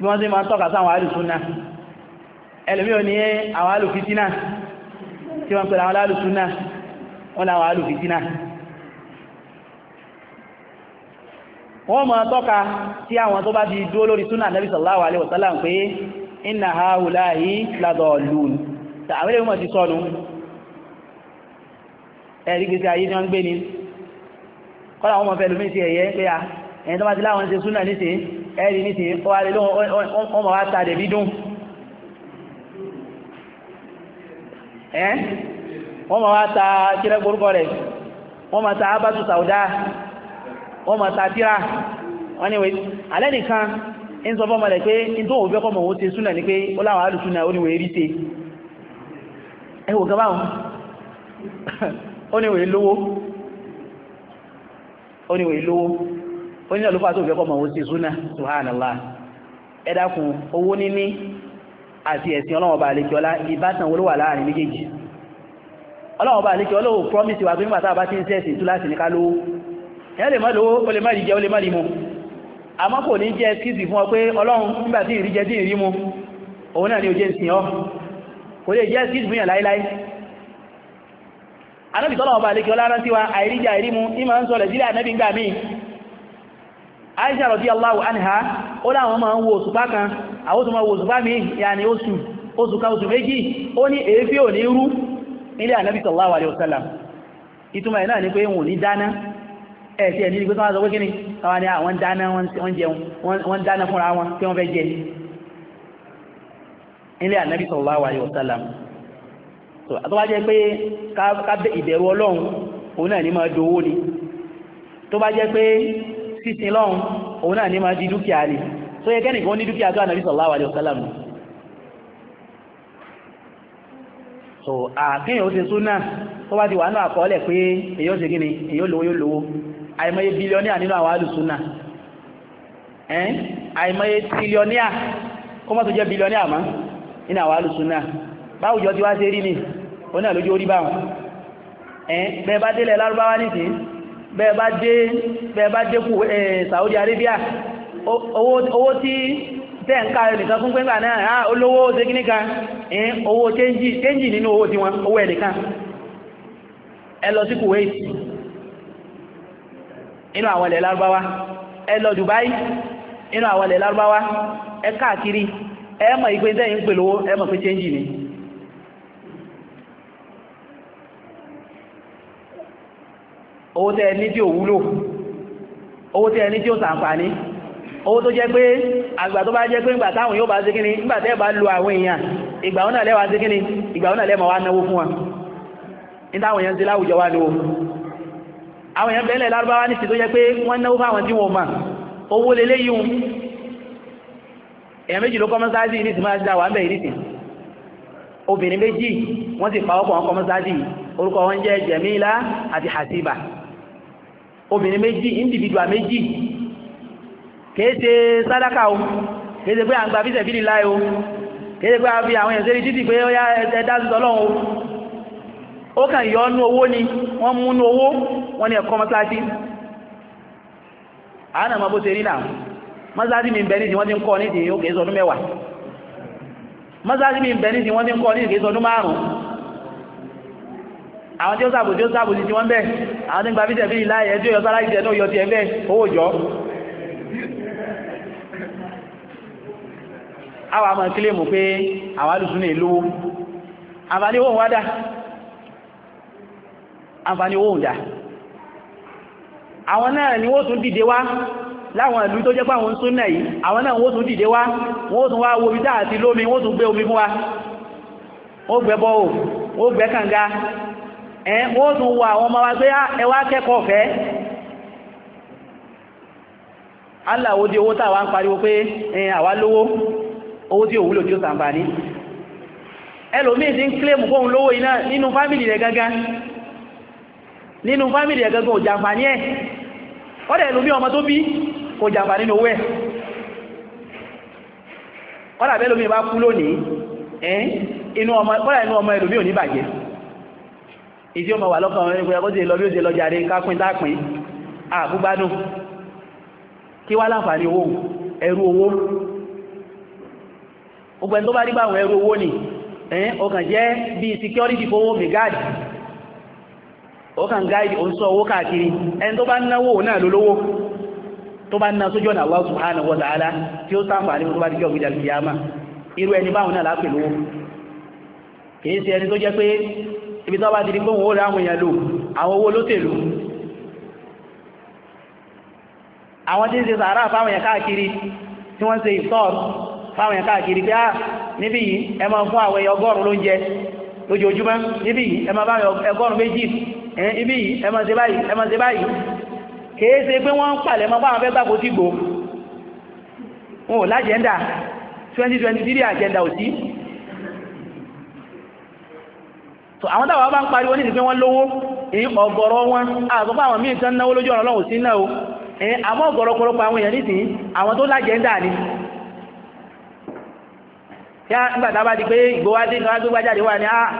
Speaker 1: bí wọ́n ti máa tọ́ka sáwọn alùsúnà ẹlòmí ò ní àwọn alùfitina tí wọ́n máa tọ́ka tí àwọn tó bá di dúó lórí súnà nàbí sallallahu alaihi wasallam pé inna haulahi ladallun tààwọn ilé wọn ti sọnù ẹ̀rí ayé ni ń gbé ni kọ́lá àwọn ọmọ fẹ́ lómi ti pé a wọ́n ma tàbíra wọ́n ni wèé alẹ́ nìkan ń sọ fọ́mọ rẹ̀ pé in tó wọ́n fẹ́ kọ́mọ̀ wọ́n ti súnà ní pé ó láwọn alùsúnà ó ní wèé rí te ẹwò gaba wọn ó ní wèé lówó ó ní wèé lówó ó ní ọlọ́pàá tó fẹ́ kọ́mọ̀ wọ́n ti súnà subhanallah ẹ dákun owó níní àti ẹ̀sìn ọlọ́wọ́ bá àlekí ọlá ìbátan wọlé wà láàrin méjèèjì ọlọ́wọ́ bá àlekí ọlọ́wọ́ promise wa pé nígbà tá a bá ti ń sẹ́ẹ̀sì tú láti ní ká lówó na lè má lówó ó lè má rí jẹ ó lè má rí mu àmọ́ kò ní jẹ́ ẹ́skìsì fún ọ pé ọlọ́run nígbà tí ìrí tí ìrí òun náà ni ó jẹ́ ìsìn ọ́ kò lè jẹ́ ẹ́skìsì fún yàn láíláí anábì tọ́lọ̀ ọba àlekí ọlára sí wa àìríjà Aisha radiyallahu anha ní ẹ̀ẹ̀tí ẹ̀ nílùú wọ́n sọ pé kíni àwọn ah, àwọn dáná wọ́n jẹun wọ́n dáná fúnra wọn tí wọ́n fẹ́ jẹ ilé ànábì sallallahu alaihi wasallam tó bá jẹ́ pé kábẹ́ ìbẹ̀rù ọlọ́run òun náà ní máa dowó ni tó bá jẹ́ pé sísin lọ́run òun náà ní máa di dúkìá ni tó yẹ kẹ́nìkan ní dúkìá tó ànábì sallallahu alaihi wasallam so àkíyàn ó ti súnà tó bá ti wà náà àkọọ́lẹ̀ pé èyí ó ṣe gíní èyí ó lówó yóò lówó àìmọye bílíọ́níà nínú àwọn alùsùnà ẹ́n àìmọye tílíọ́níà kó mọ́ tó jẹ́ bílíọ́níà mọ́ nínú àwọn alùsùnà báwùjọ tí wá ṣe rí ní oní àlójú orí báwọn ẹ́n bẹ́ẹ̀ bá délẹ̀ lárúbáwá nìsí bẹ́ẹ̀ bá dé kú Saudi Arabia owó tí tẹ́ ń ká ẹnìkan fún pẹ́ngbà náà ah, olówó ṣe kí níkan ẹ̀yìn owó tẹ́ńjì nínú owó tí wọ́n owó ẹnìkan ẹ lọ sí Kuwait inú àwọn ilẹ̀ lárúbáwá ẹ lọ Dubai inú àwọn ilẹ̀ lárúbáwá ẹ káàkiri ẹ mọ̀ ìpé tẹ́yìn ń pè lówó ẹ mọ̀ ni owó tẹ́ ní tí ò wúlò owó tẹ́ ní tí ò sàǹfààní owó tó jẹ́ pé àgbà tó bá jẹ́ pé ìgbà táwọn yóò bá ìgbà tẹ́ bá lu àwọn èèyàn ìgbà lẹ́wàá ìgbà náwó fún wa ní táwọn èèyàn ti láwùjọ wá lówó àwọn èèyàn bẹ̀ẹ́lẹ̀ lárúbáwá ní ti tó jẹ́ pé wọ́n náwó fáwọn tí wọ́n ma owó lélé yíò èèyàn méjì ló kọ́mọ́sáájì ní ti máa dá wà ń bẹ̀ẹ́ ìrìsì obìnrin méjì wọ́n ti pàwọ́pọ̀ wọn kọ́mọ́sáájì orúkọ wọn jẹ́ Jamila àti Hasiba obìnrin méjì individual méjì kéèṣe sádàkà o kéèṣe pé à ń gba fíṣẹ̀ fílì láì o kéèṣe pé a fi àwọn èèyàn sérí títì pé ó yá ẹ̀dá ó kàn yọ ọ́nú owó ni wọ́n mú nú owó wọ́n ní ẹ̀kọ́ mọ́sáájí àánà ma bó ṣe rí náà mọ́sáájí mi bẹ̀ nídìí wọ́n ti ń kọ́ nídìí ó kèé sọdún mẹ́wàá mọ́sáájí mi bẹ̀ nídìí wọ́n ti ń kọ́ nídìí kèé sọdún márùn-ún àwọn tí ó sàbò tí ó sàbò tí wọ́n bẹ̀ àwọn tí ń gba bí tẹ̀bí ìláyẹ̀ ẹjọ́ yọ sára ìjẹ̀ náà yọ ti ẹ̀bẹ̀ owó jọ àwọn àmọ́ kílèmù pé àwọn alùsùn ní ìlú àbálẹ́wọ̀n wádà àǹfààní owó òǹdà àwọn náà ni wọ́n tún dìde wá láwọn ìlú tó jẹ́ pé àwọn súnnà yìí àwọn náà wọ́n tún dìde wá wọ́n tún wá wo bídá àti lómi wọ́n tún gbé omi fún wa ó gbẹ́ bọ́ ó gbẹ́ kànga ẹ̀ tún wo àwọn ọmọ wa pé ah, ẹwà kẹ́kọ̀ọ́ fẹ́ aláwò ti ń kílèmù kóhun lówó iná nínú fámìlì rẹ̀ gangan nínú fámìlì ẹ̀ gangan òjàǹfà ní ẹ̀ ọ́dẹ̀ ìlú bí ọmọ tó bí kò jàǹfà nínú owó ẹ̀ ọ́dà bẹ́ẹ̀ lómi bá kú lónìí ẹ́ inú ọmọ ọ́dà inú ọmọ ẹlòmí ò ní bàjẹ́ ìdí ọmọ wà lọ́kàn ọ̀rẹ́ ìgbẹ́ ọgọ́dẹ̀ lọ bí ó ṣe lọ jàre kápín tápín àbúgbádùn kí wá láǹfààní owó ẹrú owó gbogbo ẹni tó bá rí báwọn ẹrú owó ni ọkàn jẹ́ bíi security fowó megadi ọkàn gáìdì òun sọ owó káàkiri ẹni tó bá náwó náà lólówó tó bá ná sójú ọ̀nà Allah subhanahu wa ta'ala tí ó sáfà ní tó bá díjọ́ ìgbìjà ìyàmà irú ẹni báwọn náà lápè lówó kìí ṣe ẹni tó jẹ́ pé ibi tó bá ti di pé òun ó ráwọn èèyàn lò àwọn owó lótèlú àwọn tí ń ṣe sàárà fáwọn èèyàn ah, lójoojúmọ́ níbí yìí bá ọgọ́rùn-ún méjì ibi ẹ máa ṣe báyìí ẹ máa ṣe báyìí kìí ṣe pé wọ́n ń pàlẹ̀ mọ́ báwọn fẹ́ gbàgbó tí gbò wọn ò lájẹ́ndà 2023 àjẹ́ndà ò sí so àwọn táwọn bá ń pariwo ní ìsìnkú wọn lówó èyí ọ̀gọ̀rọ̀ wọn àtọ́pá àwọn míì tán náwó lójú ọ̀rọ̀ lọ́wọ́ sí náà ẹ̀yìn àmọ́ ọ̀gọ̀rọ̀ pọ̀lọpọ̀ àwọn èèyàn nìsìn àwọn tó lájẹ́ndà ni yá nígbàtà bá di pé ìgbówádé kan gbégbájáde wà ní ah,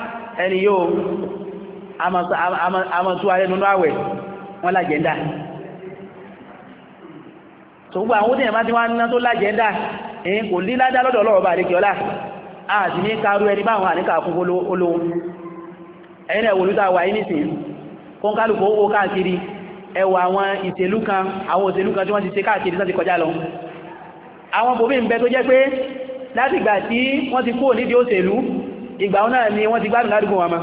Speaker 1: ẹni yóò amọ̀tú ayé nínú àwẹ̀ wọ́n lájẹ̀ndà tó gbogbo àwọn òdìyàn bá ti wọ́n ná tó lájẹ̀ndà èyí kò ní ládá lọ́dọ̀ ọlọ́rọ̀ bá àríkẹ́ọlá àti ní kárú ẹni báwọn àníkà fún olóhun ẹ̀yìn ẹ̀wò lúta wà nísìn kó ń kálùkù owó káàkiri ẹwà àwọn ìtẹ̀lú kan àwọn òtẹ̀lú kan tí wọ́n ti ṣe káàkiri sáti kọjá lọ àwọn ìgbà náà ni wọ́n ti gbádùn ládùgbò wọn máa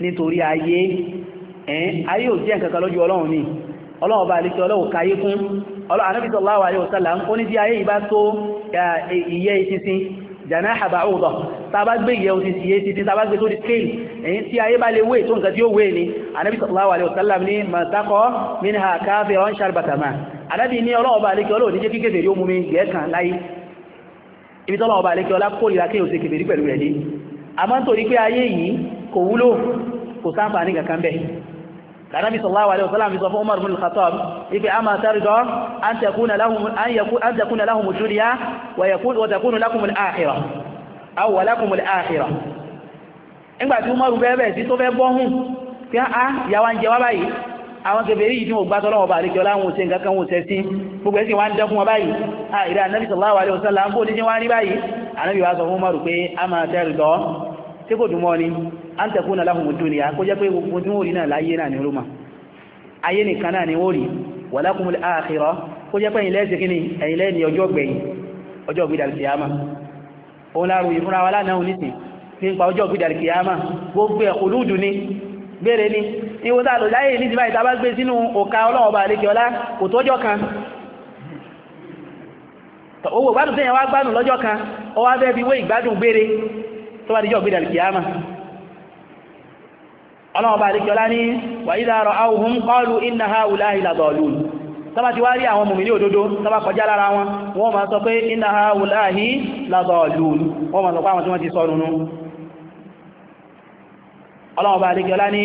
Speaker 1: nítorí ayé ẹ̀ẹ́n ayé ò jẹ́ nǹkankan lójú ọlọ́run ni ọlọ́run bá lè fi ọlọ́run káyé fún Ànábì sallallahu alaihi wasallam ó ní bí ayé ìbá tó ìyẹ́ ìsinsin janaha ba'udah tàbá gbé ìyẹ́ ìsinsin tàbá gbé tó di scale èyí tí ayé bá lè wé ni Ànábì sallallahu alaihi wasallam ní mataqa minha kafiran sharbata ma Ànábì ní ọlọ́run bá lè fi ọlọ́run ní jẹ́ kíkẹ́ fèrè ó mú mi gẹ̀ẹ́kan láyé ibi tọ́lọ́run bá kò wúlò kò sáfà ní kankan bẹ́ẹ̀ kàdábì sallallahu alaihi wasallam fi sọ fún umar bin al-khattab ife a máa tàrídọ́ an takuna lahum duniya wa takuna lakum al-akhira aw wa lakum al-akhira nígbàtí umar bẹ́ẹ̀bẹ̀ sí tó fẹ́ bọ́hùn fi a ah, ah, yàwá ń jẹwa báyìí àwọn kèfèrí yìí tí wọ́n gbá tọ́lọ́wọ́ bá àríkẹ́ ọláwọn òṣè nǹkan kan wọ́n tẹ́ sí gbogbo ẹ̀sìn wọ́n ń dẹ́kun wọn báyìí a ah, ìrẹ́ ànábì sallallahu alaihi wasallam bó ní jẹ́ wọ́n rí báyìí ànábì wá sọ fún umar pé a máa tẹ́rìdọ́ tí kò dùn mọ́ ni an takuna lahum ad-dunya kó jẹ́ pé gbogbo tí wọ́n rí náà láyé náà ní roma ayé nìkan náà ni wọ́n rí wa lakumul akhirah kó jẹ́ pé ẹ̀yin lẹ́sìn kí ni ẹ̀yin lẹ́ni ọjọ́ gbẹ̀yìn ọjọ́ gbẹ̀dà kìyàmà òun láàrù ìfúnra wa lánàá onísìn nípa ọjọ́ gbẹ̀dà kìyàmà gbogbo ẹ̀ kòlúùdù ni gbére ni ìwò tá lò láyé ní ti báyìí tàbá gbé sínú òka ọlọ́wọ́ bá ọlá kò tọ́jọ́ kan owó gbádùn tẹ́yẹn wá gbádùn lọ́jọ́ kan ọwá fẹ́ fi wé ìgbádùn gbére tó bá dijọ́ gbẹ̀dà kìyàmà ọlọ́wọ́ bá àríkẹ́ ọlá ní wà ìdárọ̀ ahùn kọlù iná ha wùlá ìlàdọ̀lù tọ́bá ti wá rí àwọn mùmí ní òdodo tọ́bá kọjá lára wọn wọ́n ma sọ pé iná ha wùlá ìlàdọ̀lù wọ́n ma sọ pé àwọn tí wọ́n ti sọ́nù ọlọ́wọ́ bá àríkẹ́ ọlá ní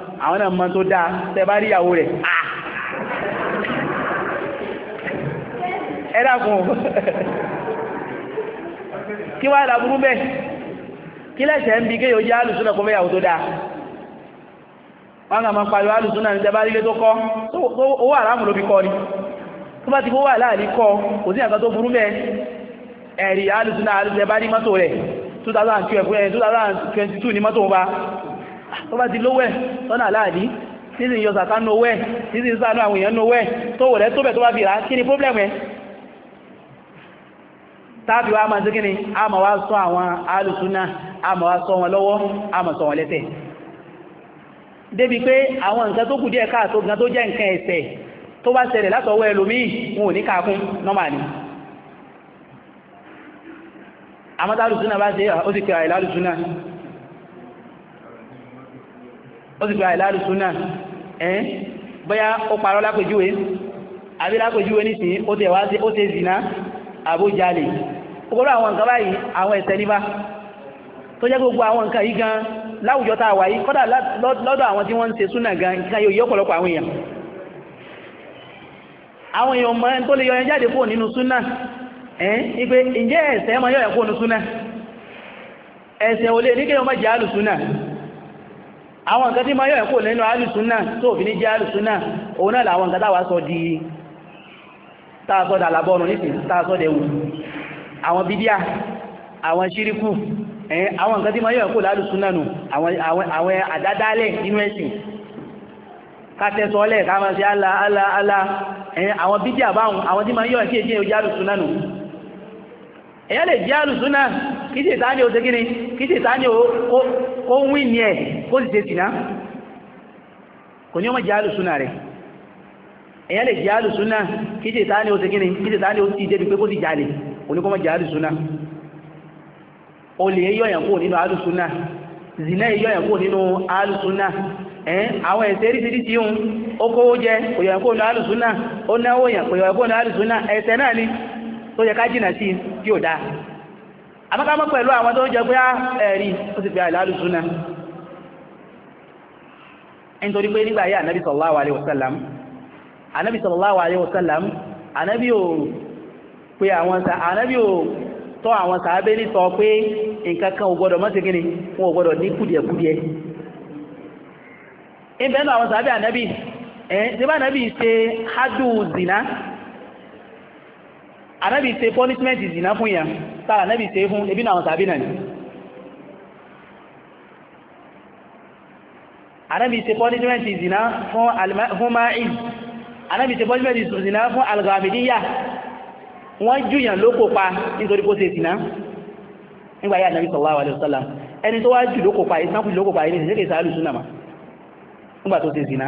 Speaker 1: àwọn náà mọ́ tó dáa tẹbá rí ìyàwó rẹ̀ ẹ̀dàkùn kí wá ìlàbúrú bẹ́ kí lẹ́sẹ̀ ń bí kéyò jẹ́ alùsúnà kó mẹ́yàwó tó dáa wọ́n kà máa pàlú alùsúnà ní tẹbá rí lé tó kọ́ owó àrámù ló fi kọ́ ni tó bá ti kó wà láàrí kọ́ kò sí àkà tó burú bẹ́ ẹ̀rí alùsúnà alùsẹ̀ bá ní mọ́tò rẹ̀ 2022 eh, ni mọ́tò bá tó bá ti lówẹ́ tọ́nà aláàdí títí yọ sàká nówẹ́ títí sàánú àwọn èèyàn nówẹ́ tó wò rẹ̀ tó bẹ̀ tó bá fi rà kí ni problem ẹ̀ tàbí wá máa síkíní a máa wá sọ àwọn alùsúnà a máa wá sọ wọn lọ́wọ́ a máa sọ wọn lẹ́sẹ̀ débi pé àwọn nǹkan tó kù díẹ̀ káàtó gan tó jẹ́ nǹkan ẹ̀ṣẹ̀ tó bá ṣẹlẹ̀ látọwọ́ ẹlòmíì wọn ò ní kàákún nọ́mà ni àmọ́tàlùsúnà bá ṣe ó sì pẹ̀rẹ̀ lálùsúnà ó sì pé àìláàlù súnà ẹ́n bóyá ó parọ́ lápèjúwe àbí lápèjúwe nísìnyí ó tẹ̀ wá sí ó tẹ̀ zìnà àbójalè gbogbo àwọn nǹkan báyìí àwọn ẹ̀ṣẹ̀ níbá tó jẹ́ gbogbo àwọn nǹkan yìí gan láwùjọ tá a wà yìí kọ́dà lọ́dọ̀ àwọn tí wọ́n ń ṣe súnà gan nǹkan yóò yọ ọ̀pọ̀lọpọ̀ àwọn èèyàn àwọn èèyàn mọ́ tó lè yọ jáde kúrò nínú súnà ẹ́n ipe ǹjẹ́ ẹ̀ṣẹ̀ mọ́ yọ ẹ̀ kúrò nínú súnà ẹ̀ṣẹ̀ ò lè ní kéèyàn má jẹ́ àlùsúnà àwọn nǹkan tí ma yọ ẹ̀kọ́ nínú alùsúnà tó fi ní jẹ́ alùsúnà òun náà làwọn nǹkan táwà sọ di tààsọ́dà làbọ́rùn nísìn tààsọ́dà ewu àwọn bídíà àwọn ṣíríkù ẹ̀yìn àwọn nǹkan tí ma yọ ẹ̀kọ́ lálùsúnà nù àwọn àdádálẹ̀ nínú ẹ̀sìn kátẹ́sọ́lẹ̀ káàmàsí àlà àlà àlà ẹ̀yìn àwọn bídíà báwọn àwọn tí ma yọ ẹ̀kọ́ èjì ojú alùsúnà nù ẹ̀yà lè jẹ́ alùsúnà kí kó ń wí ní ẹ̀ kó sì ṣe tìná kò ní ọmọ jẹ́ alùsúnà rẹ̀ èyàn lè jẹ́ alùsúnà kí ṣe tàá ní ó ṣe gíní kí ṣe tàá ní ó ti débi pé kó sì jalè oníkọ́mọ jẹ́ alùsúnà olè yọ̀yàn kó nínú alùsúnà zina yọ̀yàn kó nínú alùsúnà àwọn ẹ̀sẹ̀ eríṣiríṣi ń ó kówó jẹ àmọ́kámọ́ pẹ̀lú àwọn tó jẹ pé á ẹ̀rí ó sì pé àìlàálù súnà nítorí pé nígbà yí ànábì sallallahu alaihi wasallam ànábì sallallahu ànábì ò pé àwọn sa ànábì ò tọ́ àwọn sàábé ní sọ pé nǹkan kan mọ́ sí anábì ṣe punishment ìzìnà fún yẹn sára anábì ṣe fún ebí náà tàbí náà anábì ṣe punishment ìzìnà fún alma'in anábì ṣe punishment ìzìnà fún algamidiya wọ́n júyàn ló kópa nítorí kó ṣe ìzìnà nígbàyà anábì sallallahu alaihi wasallam ẹni tó wá jù ló kópa ìsánkù ló kópa ìrìnṣẹ́kẹ̀ẹ́sà alùsùn náà nígbà tó ṣe ìzìnà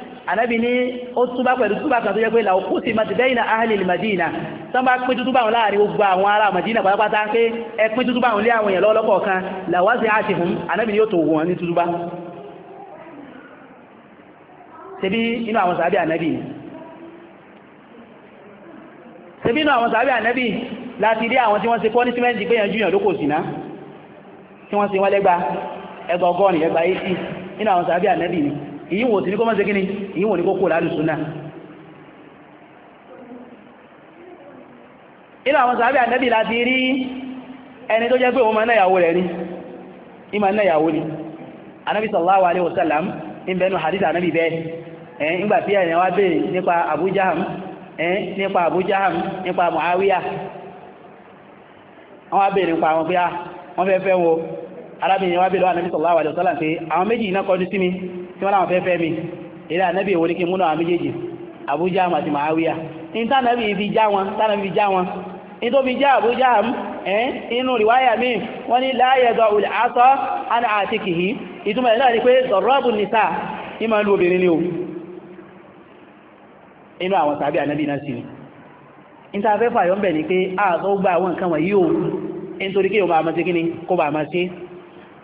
Speaker 1: ànábì ní ó túbá pẹ̀lú túbá kan tó jẹ́ pé làókú sí ma ti bẹ́yìnà ahìlì madina tán bá pín tútúbà wọn láàrin gbogbo àwọn ará madina pátápátá pé ẹ pín tútúbà wọn lé àwọn èèyàn lọ́lọ́pọ̀ kan làwáṣẹ́ àṣìhùn ànábì ní ó tó wọn ní tútúbá ṣebí inú àwọn sàábì ànábì ṣebí inú àwọn sàábì ànábì láti rí àwọn tí wọ́n ṣe pọ́nísímẹ́ǹtì pé yẹn júyàn lókò síná tí wọ́n ṣe wọ́n lẹ́gba ẹgbà ọgọ́rin ẹgbà 80 inú àwọn sàábì ànábì ni ìyíwò tí ní kó mọ́ sí kíní ìyíwò ní kó kó láàrín súnà inú àwọn sàábí ànẹ́bì láti rí ẹni tó jẹ́ pé òun ma náyàwó rẹ̀ ní ìmà náyàwó ni anábì sallallahu alaihi nípa nípa wọ́n bèèrè nípa àwọn pé ah, wọ́n fẹ́ fẹ́ arábìnrin bèèrè pé àwọn méjì iná kọjú sí mi tí wọ́n láwọn fẹ́fẹ́ mi ilé ànábì èwo ní kí múnà àmìjèjì abuja àti màáwíà fi já wọn tánàbì já wọn ní tó abuja já ẹ́n inú rìwáyà míì wọ́n ní láyẹ̀dọ̀ olùhásọ́ àná àti kìhí ìtumọ̀ náà ni pé sọ̀rọ̀bù nìta ní máa lu obìnrin ni o inú àwọn tàbí náà sí yọ́ ń bẹ̀ ni pé àwọn nǹkan wọ̀nyí o nítorí kí máa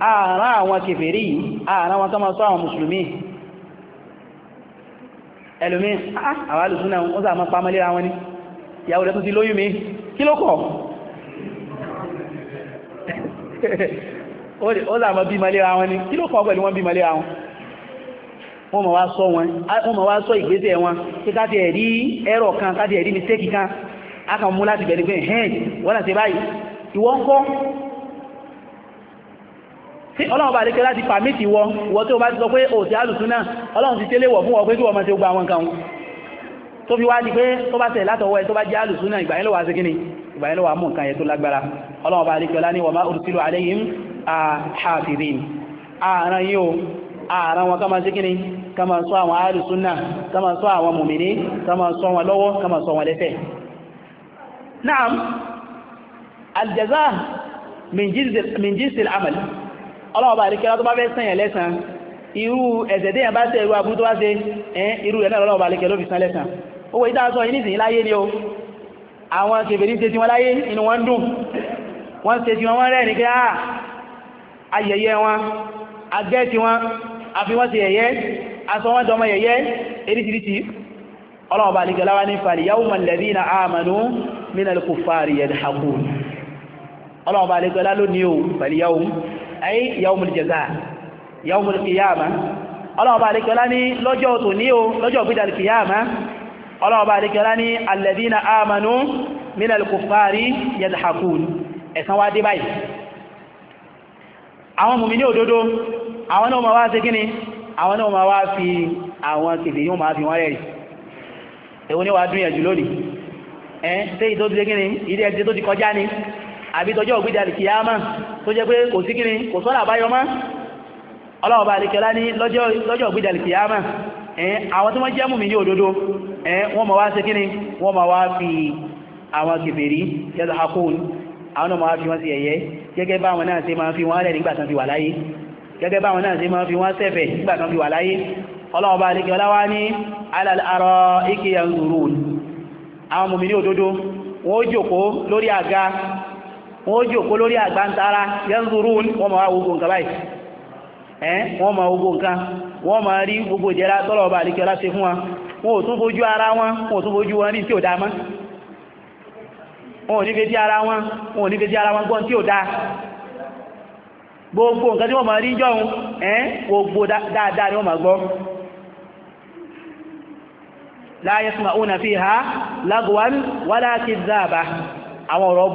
Speaker 1: ààrán àwọn kèfèrí ààrán wọn tó máa sọ àwọn mùsùlùmí ẹlòmí ah, àwọn alùsùn náà ó sàmọ́ pàmọ́lẹ́ra wọn ni ìyàwó rẹ̀ tó ti lóyún mi kí ló kọ̀ ó sàmọ́ bí mọ́lẹ́ra wọn ni kí ló kọ̀ pẹ̀lú wọn bí mọ́lẹ́ra wọn wọ́n ma wá sọ wọn wọ́n ma wá sọ ìgbésẹ̀ wọn kí káti ẹ̀rí ẹ̀rọ kan káti ẹ̀rí mistake kan a kàn mú láti bẹ̀rẹ̀ pé hẹ́n wọ́n láti báyìí ìwọ́n kọ́ tí ọlọ́run bá lékẹ́ láti pàmìtì wọ wọ́n tí ó bá ti sọ pé ò sí àlùsúnà ọlọ́run ti tẹ́lẹ̀ wọ̀ fún ọ pé kí wọ́n mọ́ sí ogun àwọn nǹkan tó fi wá di pé tó bá tẹ̀ látọwọ́ ẹ tó bá jẹ́ àlùsúnà ìgbàyẹ́lọ́wà sí kíni ìgbàyẹ́lọ́wà mú nǹkan yẹ tó lágbára ọlọ́run bá lékẹ́ lá ní wọ́n má orùsílò àlẹ́yìn àhàfìrín ààrán yíò ààrán wọn kama min jinsil amal ọlọ́ọ̀bá àríkẹ́lá tó bá fẹ́ sẹ́yìn lẹ́sàn irú ẹ̀ṣẹ̀ tí yẹn bá ṣe irú aburú tó bá ṣe ẹ̀yìn irú ẹ̀ náà ọlọ́ọ̀bá àríkẹ́ ló fi san lẹ́sàn owó ìta sọ ìnísìn láyé ni o àwọn kèfèrí ṣe tí wọ́n láyé inú wọn dùn wọ́n ṣe tí wọ́n rẹ̀ ní pé á ah, ayẹyẹ wọn agẹ́ tí wọ́n ọlọ́ọ̀bá alẹ́gbẹ́lá ló ní o pẹ̀lú yawm ayé yawmul jaza yawmul qiyama ọlọ́ọ̀bá alẹ́gbẹ́lá ní lọ́jọ́ tó ní o lọ́jọ́ gbídàl qiyama ọlọ́ọ̀bá alẹ́gbẹ́lá ní alladhina amanu minal kuffari yadhakun ẹ̀san wá dé báyìí àwọn mùmínì òdodo àwọn náà ma wá ṣe kíni àwọn náà ma wá fi àwọn kèdè yóò máa fi wọ́n rẹ̀ èwo ni wàá ti ṣe kíni ilé ẹjẹ́ tó ti kọjá ni àbí tọjọ́ ògbídà lè kìyàmá tó jẹ́ pé kò sí kíni kò sọ́nà àbáyọ mọ́ ọlọ́ọ̀bá alìkẹ́lá ní lọ́jọ́ ògbídà lè kìyàmá àwọn tí wọ́n jẹ́ mùmínì òdodo wọ́n ma wá ṣe kíni wọ́n ma wá fi àwọn kèfèrí yadhakun àwọn ọmọ fi wọ́n sí ẹ̀yẹ gẹ́gẹ́ bá wọn náà ṣe máa fi wọ́n rẹ̀ nígbà tán fi wà láyé gẹ́gẹ́ bá wọn náà ṣe máa fi wọ́n ṣẹ̀fẹ̀ nígbà tán fi wà láyé ọlọ́ọ̀bá alìkẹ́lá wá ní ala al-ara'iki yanzurun àwọn mùmínì òdodo wọ́n jókòó lórí àga wọ́n ó jòkó lórí àgbántara yanzurun wọ́n máa ogun nǹkan báyìí ẹ́ wọ́n máa ogun nǹkan wọ́n máa rí gbogbo ìjẹra tọ́lọ̀ ọba àríkẹ́ láti fún wọn ò tún fojú ara wọn wọn ara wọn gbogbo gbogbo àwọn ọ̀rọ̀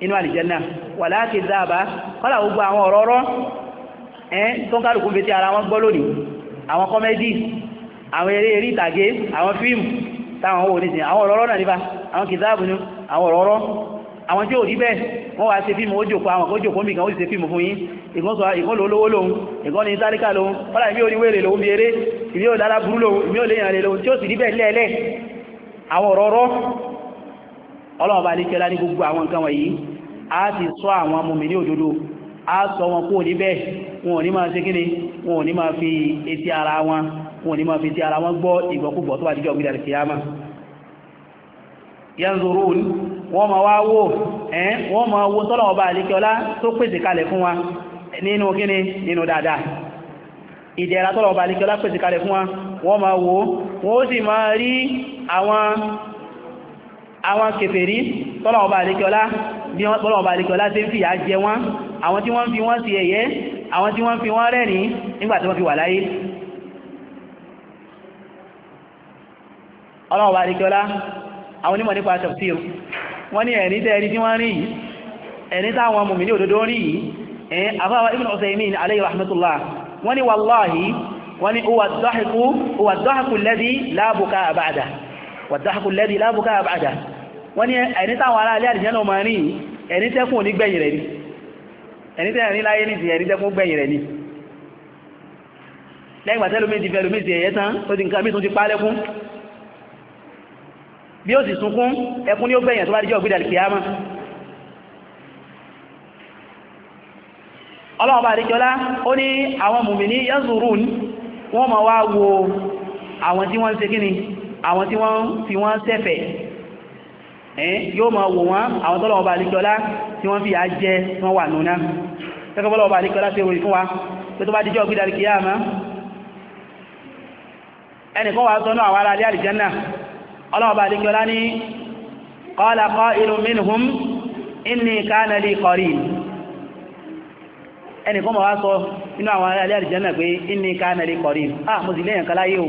Speaker 1: inú àlìjẹ́nà wà láti dáàbá kọ́lá gbogbo àwọn ọ̀rọ̀ọ̀rọ̀ ẹ́n tó ń kálùkù fi tí ara wọn gbọ́ lónìí àwọn kọ́mẹ́dì àwọn eré eré ìtàgé àwọn fíìmù táwọn owó nìsìn àwọn ọ̀rọ̀ọ̀rọ̀ náà nípa àwọn kìtáàbù ní àwọn ọ̀rọ̀ọ̀rọ̀ àwọn tí ò rí bẹ́ẹ̀ wọ́n wá ṣe fíìmù ó jòkó àwọn kójòkó mi kan ó sì ṣe fíìmù fún yín ìkan sọ ìkan ló lówó lòun ìkan ní tálíkà lòun kọ́lá ìmí ò ní wèrè lòun bí eré ìmí ò lára burú lòun ìmí ò léyàn lè lòun tí ó sì rí bẹ́ẹ̀ lẹ́ẹ̀lẹ́ àwọn ọ̀rọ̀ọ̀rọ̀ ọlọ́ọ̀bá alékẹ́lá ní gbogbo àwọn nǹkan wọ̀nyí a ti sọ àwọn mùmínì òdodo a sọ wọn kó níbẹ̀ wọn ò ní máa ṣe kíni wọn ò ní máa fi etí ara wọn wọn ò ní máa fi etí ara wọn gbọ́ ìgbọ́kúgbọ́ tó bá dijọ́ gbídà kìyàmá yanzurun wọ́n ma wá wò ẹ́n wọ́n ma wo tọ́lọ̀ọ̀bá alékẹ́lá tó pèsè kalẹ̀ fún wa nínú kíni wọ́n ma rí àwọn àwọn kèfèrí tọ́lọ̀ọba àríkọlá tí ń fìyà jẹ wọ́n àwọn tí wọ́n fi wọ́n sí ẹ̀yẹ àwọn tí wọ́n fi wọ́n rẹ́rìn nígbàtí wọ́n fi wà láyé ọlọ́ọ̀bá àríkọlá àwọn onímọ̀ nípa tafsir wọ́n ní ẹ̀rí tẹ́ẹ̀rí tí wọ́n rí yìí ẹ̀rí táwọn mùmí ní òdòdó rí yìí ẹ̀yìn àbáwà ibn Uthaymin alayhi rahmatullah wọ́n ní wallahi wọ́n ní huwa ad wọ́n ní ẹni táwọn ará alẹ́ àdìjẹ́ náà máa rí ẹni tẹ́kùn ní gbẹ̀yìn rẹ̀ ni ẹni tẹ́rẹ̀ ní láyé ní ti ẹni tẹ́kùn gbẹ̀yìn rẹ̀ ni lẹ́gbà tẹ́lómi ti fẹ́lómi ti ẹ̀yẹ́ tán ó di nǹkan mí tún ti pálẹ́kún bí ó sì sunkún ẹkún ní ó gbẹ̀yìn tó bá díjọ́ gbídà kìyàmá ọlọ́ọ̀bá àdíjọ́lá ó ní àwọn mùmìní yẹ́sùrún wọ́n ma wá wo àwọn tí wọ́n ń ṣe kíni àwọn tí wọ́n fi wọ́n ṣẹ̀fẹ̀ yóò máa wò wọ́n àwọn tọ́lọ̀ ọba àlíkọ́lá tí wọ́n fi yà jẹ́ wọ́n wà núná tẹ́kọ̀ọ́lọ̀ ọba àlíkọ́lá tí ó rí fún wa pé tó bá díjọ́ gbídà kìí àmá ẹnìkan wà sọ́nà àwọn ará alẹ́ àlìjánà ọlọ́ọba àlíkọ́lá ní qala qa'ilun minhum inni kana li qarin ẹnìkan wà sọ inú àwọn ará alẹ́ pé inni kana li ah mo sì lẹ́yìn kan láyé o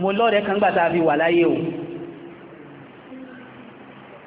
Speaker 1: mo lọ́rẹ̀ẹ́ kan gbà fi wà láyé o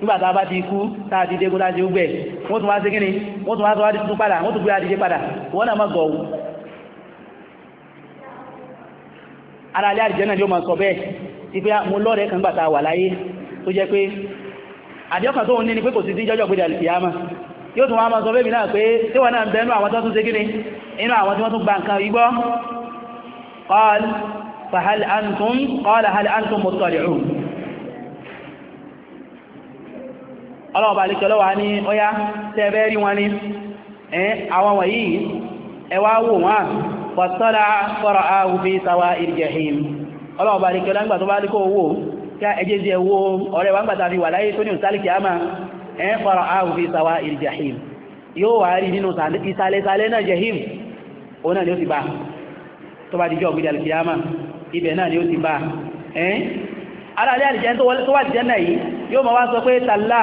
Speaker 1: nígbàtà bá ti kú táà ti dégun láti ugbẹ̀ wọ́n tún wá sí kíni wọ́n tún wá sọ́wá títún padà wọ́n tún gbé àdíjé padà wọ́n náà mọ́ gọ̀ọ̀wù ara alẹ́ àdíjẹ́ náà yóò máa sọ bẹ́ẹ̀ ti pé mo lọ́rẹ̀ẹ́ kan gbàtà wà láyé tó jẹ́ pé àdíọ́kà tó ń ní ni pé kò sí sí jọ́jọ́ gbé dàlìkìyàmà yóò tún wá máa sọ bẹ́bí náà pé tí wọ́n náà ń bẹ́nu àwọn tó tún sí kíni inú àwọn tí wọ́n tún gba nǹkan igbó qal fahal antum qala hal antum muttali'un ọlọ́ọ̀bà lè ṣọlọ́wà ní ọya tẹ́ẹ̀bẹ́ rí wọn ní àwọn wọ̀nyí ẹwà wò wọ́n pọ̀tọ́lá fọ́rọ̀ ahùfí sawa ìrìjẹ̀hìm ọlọ́ọ̀bà lè ṣọlọ́ nígbà tó bá líkọ́ owó kí a ẹjẹ́ jẹ́ owó ọ̀rẹ́ wa ń gbàtà fi wà láyé tó ní ìsálìkì àmà ẹ̀ fọ́rọ̀ ahùfí sawa ìrìjẹ̀hìm yóò wà rí nínú ìsàlẹ̀sàlẹ̀ náà jẹ̀hìm òun náà ni ó ti bá wá sọ pé tàlá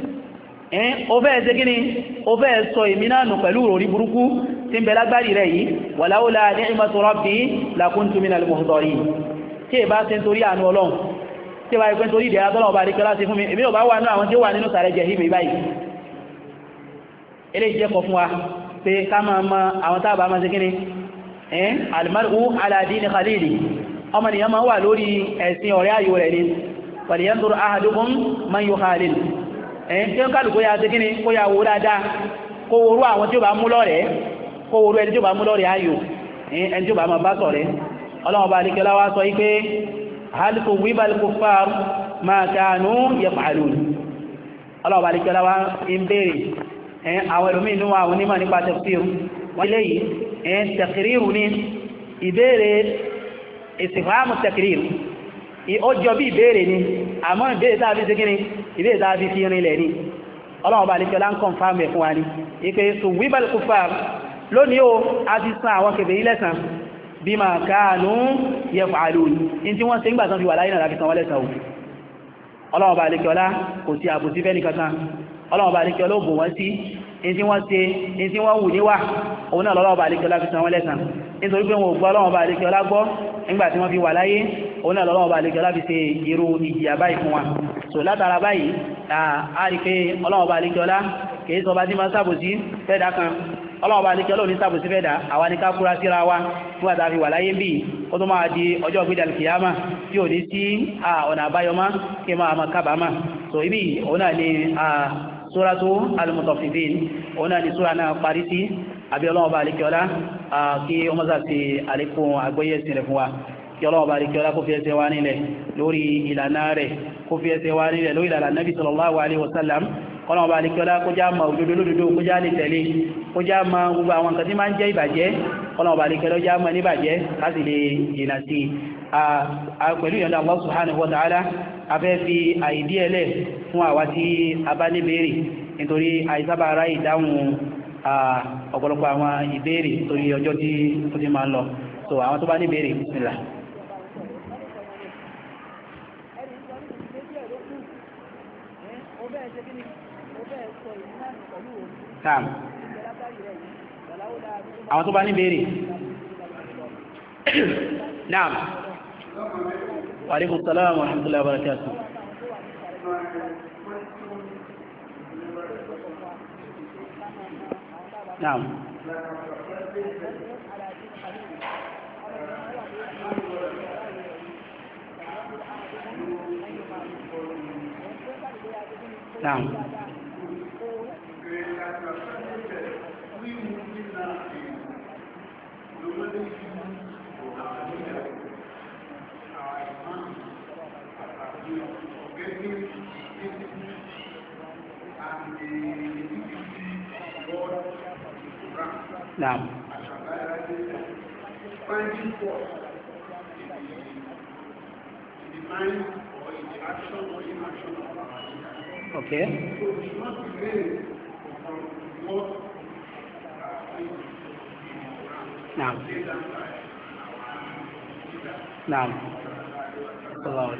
Speaker 1: ẹ́n o fẹ́ ṣe gíní o fẹ́ sọ ìmínánù pẹ̀lú òrí burúkú tí ń bẹ lágbàrí rẹ̀ yìí walaula ni'matu rabbi lakuntu minal muhdarin tí è bá ṣe ń wà nínú àwọn tí ó wà nínú sàrẹ̀ jẹ̀ hìmì báyìí ẹ̀yìn tí ó kálù kó yá sí kíni kó yá wo dáadáa kó worú àwọn tí ó bá mú lọ́rẹ̀ kó worú ẹni tí ó bá mú lọ́rẹ̀ ayò ẹni tí ó bá máa bá sọ̀rẹ́ ọlọ́run bá ní kẹlá wá sọ wípé halifu wíbal kufar ma kanu yaf'alun ọlọ́run bá ní kẹlá wá ń béèrè ẹ̀yìn àwọn ọjọ́ bí ìbéèrè ni àmọ́ ìbéèrè tàà fi síkíní ìbéèrè tàà fi fi rinlẹ̀ ni ọlọ́run bá lẹ́kẹ́ láńkọ̀n fáàmù ẹ̀fún wa ni ìpé ṣùgbíbàlì kò fà lónìí o a ti san àwọn kèfè ilẹ̀sàn bí ma káànú yẹfù àlòyìn in tí wọ́n ṣe ń gbà tán fi wà láyé náà láti san wọ́n lẹ́sàn o ọlọ́run bá lẹ́kẹ́ ọlá kò sí àbòsí fẹ́ nìkankan ọlọ́run bá lẹ́kẹ́ ọlá ò bò wọ́n sí ìsí wọ́n ṣe ìsí wọ́n wù níwà òun náà lọ́lọ́ọ̀bà àlékẹ́ láti san wọ́n lẹ́san nítorí pé wọn ò gbọ́ ọlọ́ọ̀bà àlékẹ́ ọlá gbọ́ nígbà tí wọ́n fi wà láyé òun náà lọ́lọ́ọ̀bà àlékẹ́ láti ṣe irú ìjìyà báyìí fún wa so látara báyìí a rí pé ọlọ́ọ̀bà àlékẹ́ ọlá kìí sọ bá tí máa sábòsí fẹ́dà kan ọlọ́ọ̀bà àlékẹ́ lónìí sábòsí fẹ́dà àwa ní ká kúra síra wa nígbà tá a fi wà láyé bíi ó tó máa di so ibi òun náà ni Sura al-mutaffifin ona ni súra náà parí sí àbí ọlọ́wọ́ bá alikiola kí ó mọ́sá sí àlékún àgbóyè sí rẹ̀ fún wa kí ọlọ́wọ́ bá alikiola kó fi ẹsẹ̀ wá nílẹ̀ lórí ìlànà rẹ̀ kó fi ẹsẹ̀ wá nílẹ̀ lórí ìlànà nabi sallallahu alaihi wasallam ọlọ́run ọba alikiola kó já pẹ̀lú ìyọ̀nà Allah subhanahu wa ta'ala afẹ́ fi àìdí ẹlẹ̀ fún àwa tí a bá ní béèrè nítorí àìsábàárá ìdáhùn ọ̀pọ̀lọpọ̀ àwọn ìbéèrè torí ọjọ́ tí ó ti máa ń lọ so àwọn tó bá ní béèrè bismillah Naam. Àwọn tó bá ní béèrè.
Speaker 2: Naam.
Speaker 3: وعليكم السلام ورحمة الله
Speaker 1: وبركاته
Speaker 2: نعم نعم Now. Finding fault in the
Speaker 3: Okay.
Speaker 1: Now. Now.
Speaker 2: Allowed.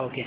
Speaker 2: Okay.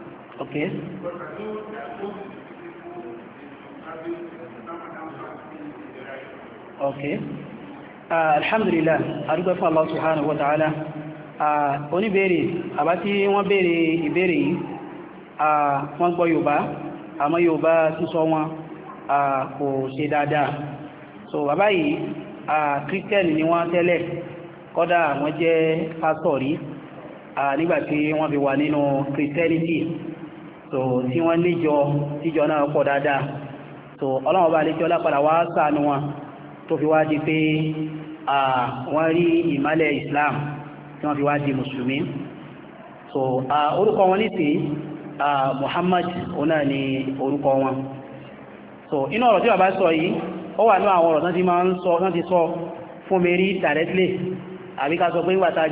Speaker 2: Okay.
Speaker 1: Okay. Uh, alhamdulillah adúgbẹ́ fún Allah subhanahu wa ta'ala uh, ah, oníbèèrè àbá tí wọ́n béèrè ìbéèrè yìí uh, wọ́n gbọ́ Yorùbá àmọ́ Yorùbá sísọ wọn kò ṣe dáadáa so bàbá yìí kírísítẹ́nì ni wọ́n tẹ́lẹ̀ kọ́dà wọ́n jẹ́ pásítọ̀ rí nígbàtí wọ́n fi wà nínú kírísítẹ́nìtì so tí wọ́n níjọ tíjọ náà pọ̀ dáadáa so ọlọ́run bá lè jọ wà wá ṣàánú wọn tó fi wá di pé wọ́n rí ìmálẹ̀ Islam tí wọ́n fi wá di so orúkọ wọn nìsí Muhammad ni orúkọ wọn so inú ọ̀rọ̀ tí sọ yìí ó wà ní àwọn ọ̀rọ̀ sọ fún àbí ká sọ pé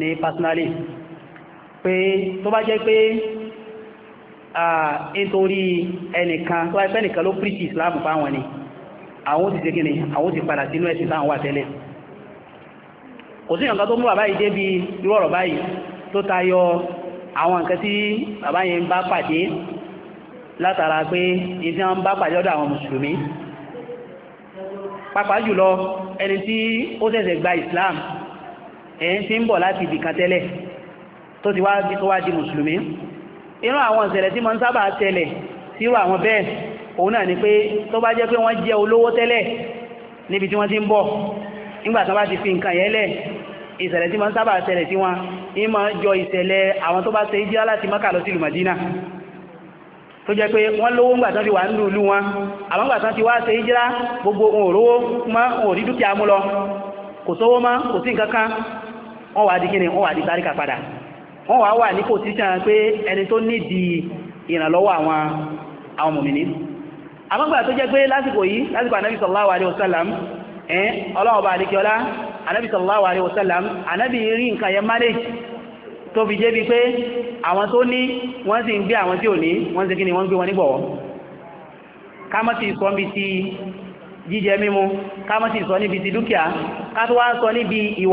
Speaker 1: ní pé tó bá pé nítorí ẹnìkan tó ẹgbẹ́ nìkan ló píríkì ìsìláàmù fáwọn ni àwọn ti jẹ́gẹ́ni àwọn ti padà sínú ẹ̀sìn táwọn wà tẹ́lẹ̀ kò sí ìyànkan tó mú bàbá yìí débi irú ọ̀rọ̀ báyìí tó tayọ àwọn nǹkan tí bàbá yẹn ń bá pàdé látara pé ní tí wọ́n bá pàdé ọ̀dọ̀ àwọn mùsùlùmí pàápàá jùlọ ẹni tí ó ṣẹ̀ṣẹ̀ gba islam ẹni tí ń bọ̀ láti ibìkan tẹ́lẹ̀ tó ti wá di mùsùlùmí irú àwọn ìṣẹ̀lẹ̀ tí ma ń sábà tẹ̀lẹ̀ sírò àwọn bẹ́ẹ̀ òun náà ni pé tó bá jẹ́ pé wọ́n jẹ́ olówó tẹ́lẹ̀ níbi tí wọ́n ti ń bọ̀ nígbàtán bá ti fi nǹkan yẹn lẹ̀ ìṣẹ̀lẹ̀ tí ma ń sábà tẹ̀lẹ̀ sí wọn ní ma jọ ìṣẹ̀lẹ̀ àwọn tó bá ṣe jẹ́ láti Mákà lọ sí ìlú tó jẹ́ pé wọ́n lówó ńgbàtán ti wà ń lùlú wọn àwọn ńgbàtán ti wá ṣe ìjírá gbogbo ohun mọ́ òrí dúkìá mú lọ kò sówó mọ́ kò sí nǹkan kan wọ́n wà di kíni wọ́n wà di táríkà padà wọ́n wá wà ní pòsíṣàn pé ẹni tó nídìí ìrànlọ́wọ́ àwọn àwọn mòmìnì àmọ́gbà tó jẹ́ pé lásìkò yìí lásìkò ànábì alaihi wasallam ẹ̀ ọlọ́ọ̀bà àdíkẹ́ọlá ànábì sallallahu alaihi wasallam ànábì rí nǹkan yẹn manage tó fi jẹ́ bí pé àwọn tó ní wọ́n sì ń gbé àwọn tí ò ní wọ́n sì kíni wọ́n gbé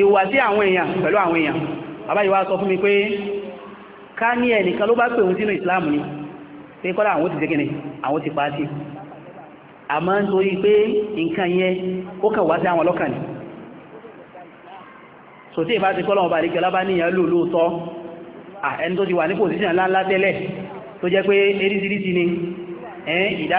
Speaker 1: ìwàsí àwọn èèyàn pẹ̀lú àwọn èèyàn bàbá yìí wá sọ fún mi pé ká ní ẹnìkan ló bá pè òun sínú ìsìláàmù ni pé kọ́lá àwọn ti jẹ́kẹ́ni àwọn ti pàátì àmọ́ nítorí pé nǹkan yẹn ó kàn wá sí àwọn ọlọ́kàn ni sòtí ìbá ti kọ́lọ̀ ọba àríkẹ́ lábá níyàn lò lóòótọ́ ẹni tó ti wà ní pòsíṣàn ńláńlá tẹ́lẹ̀ tó ni ìdá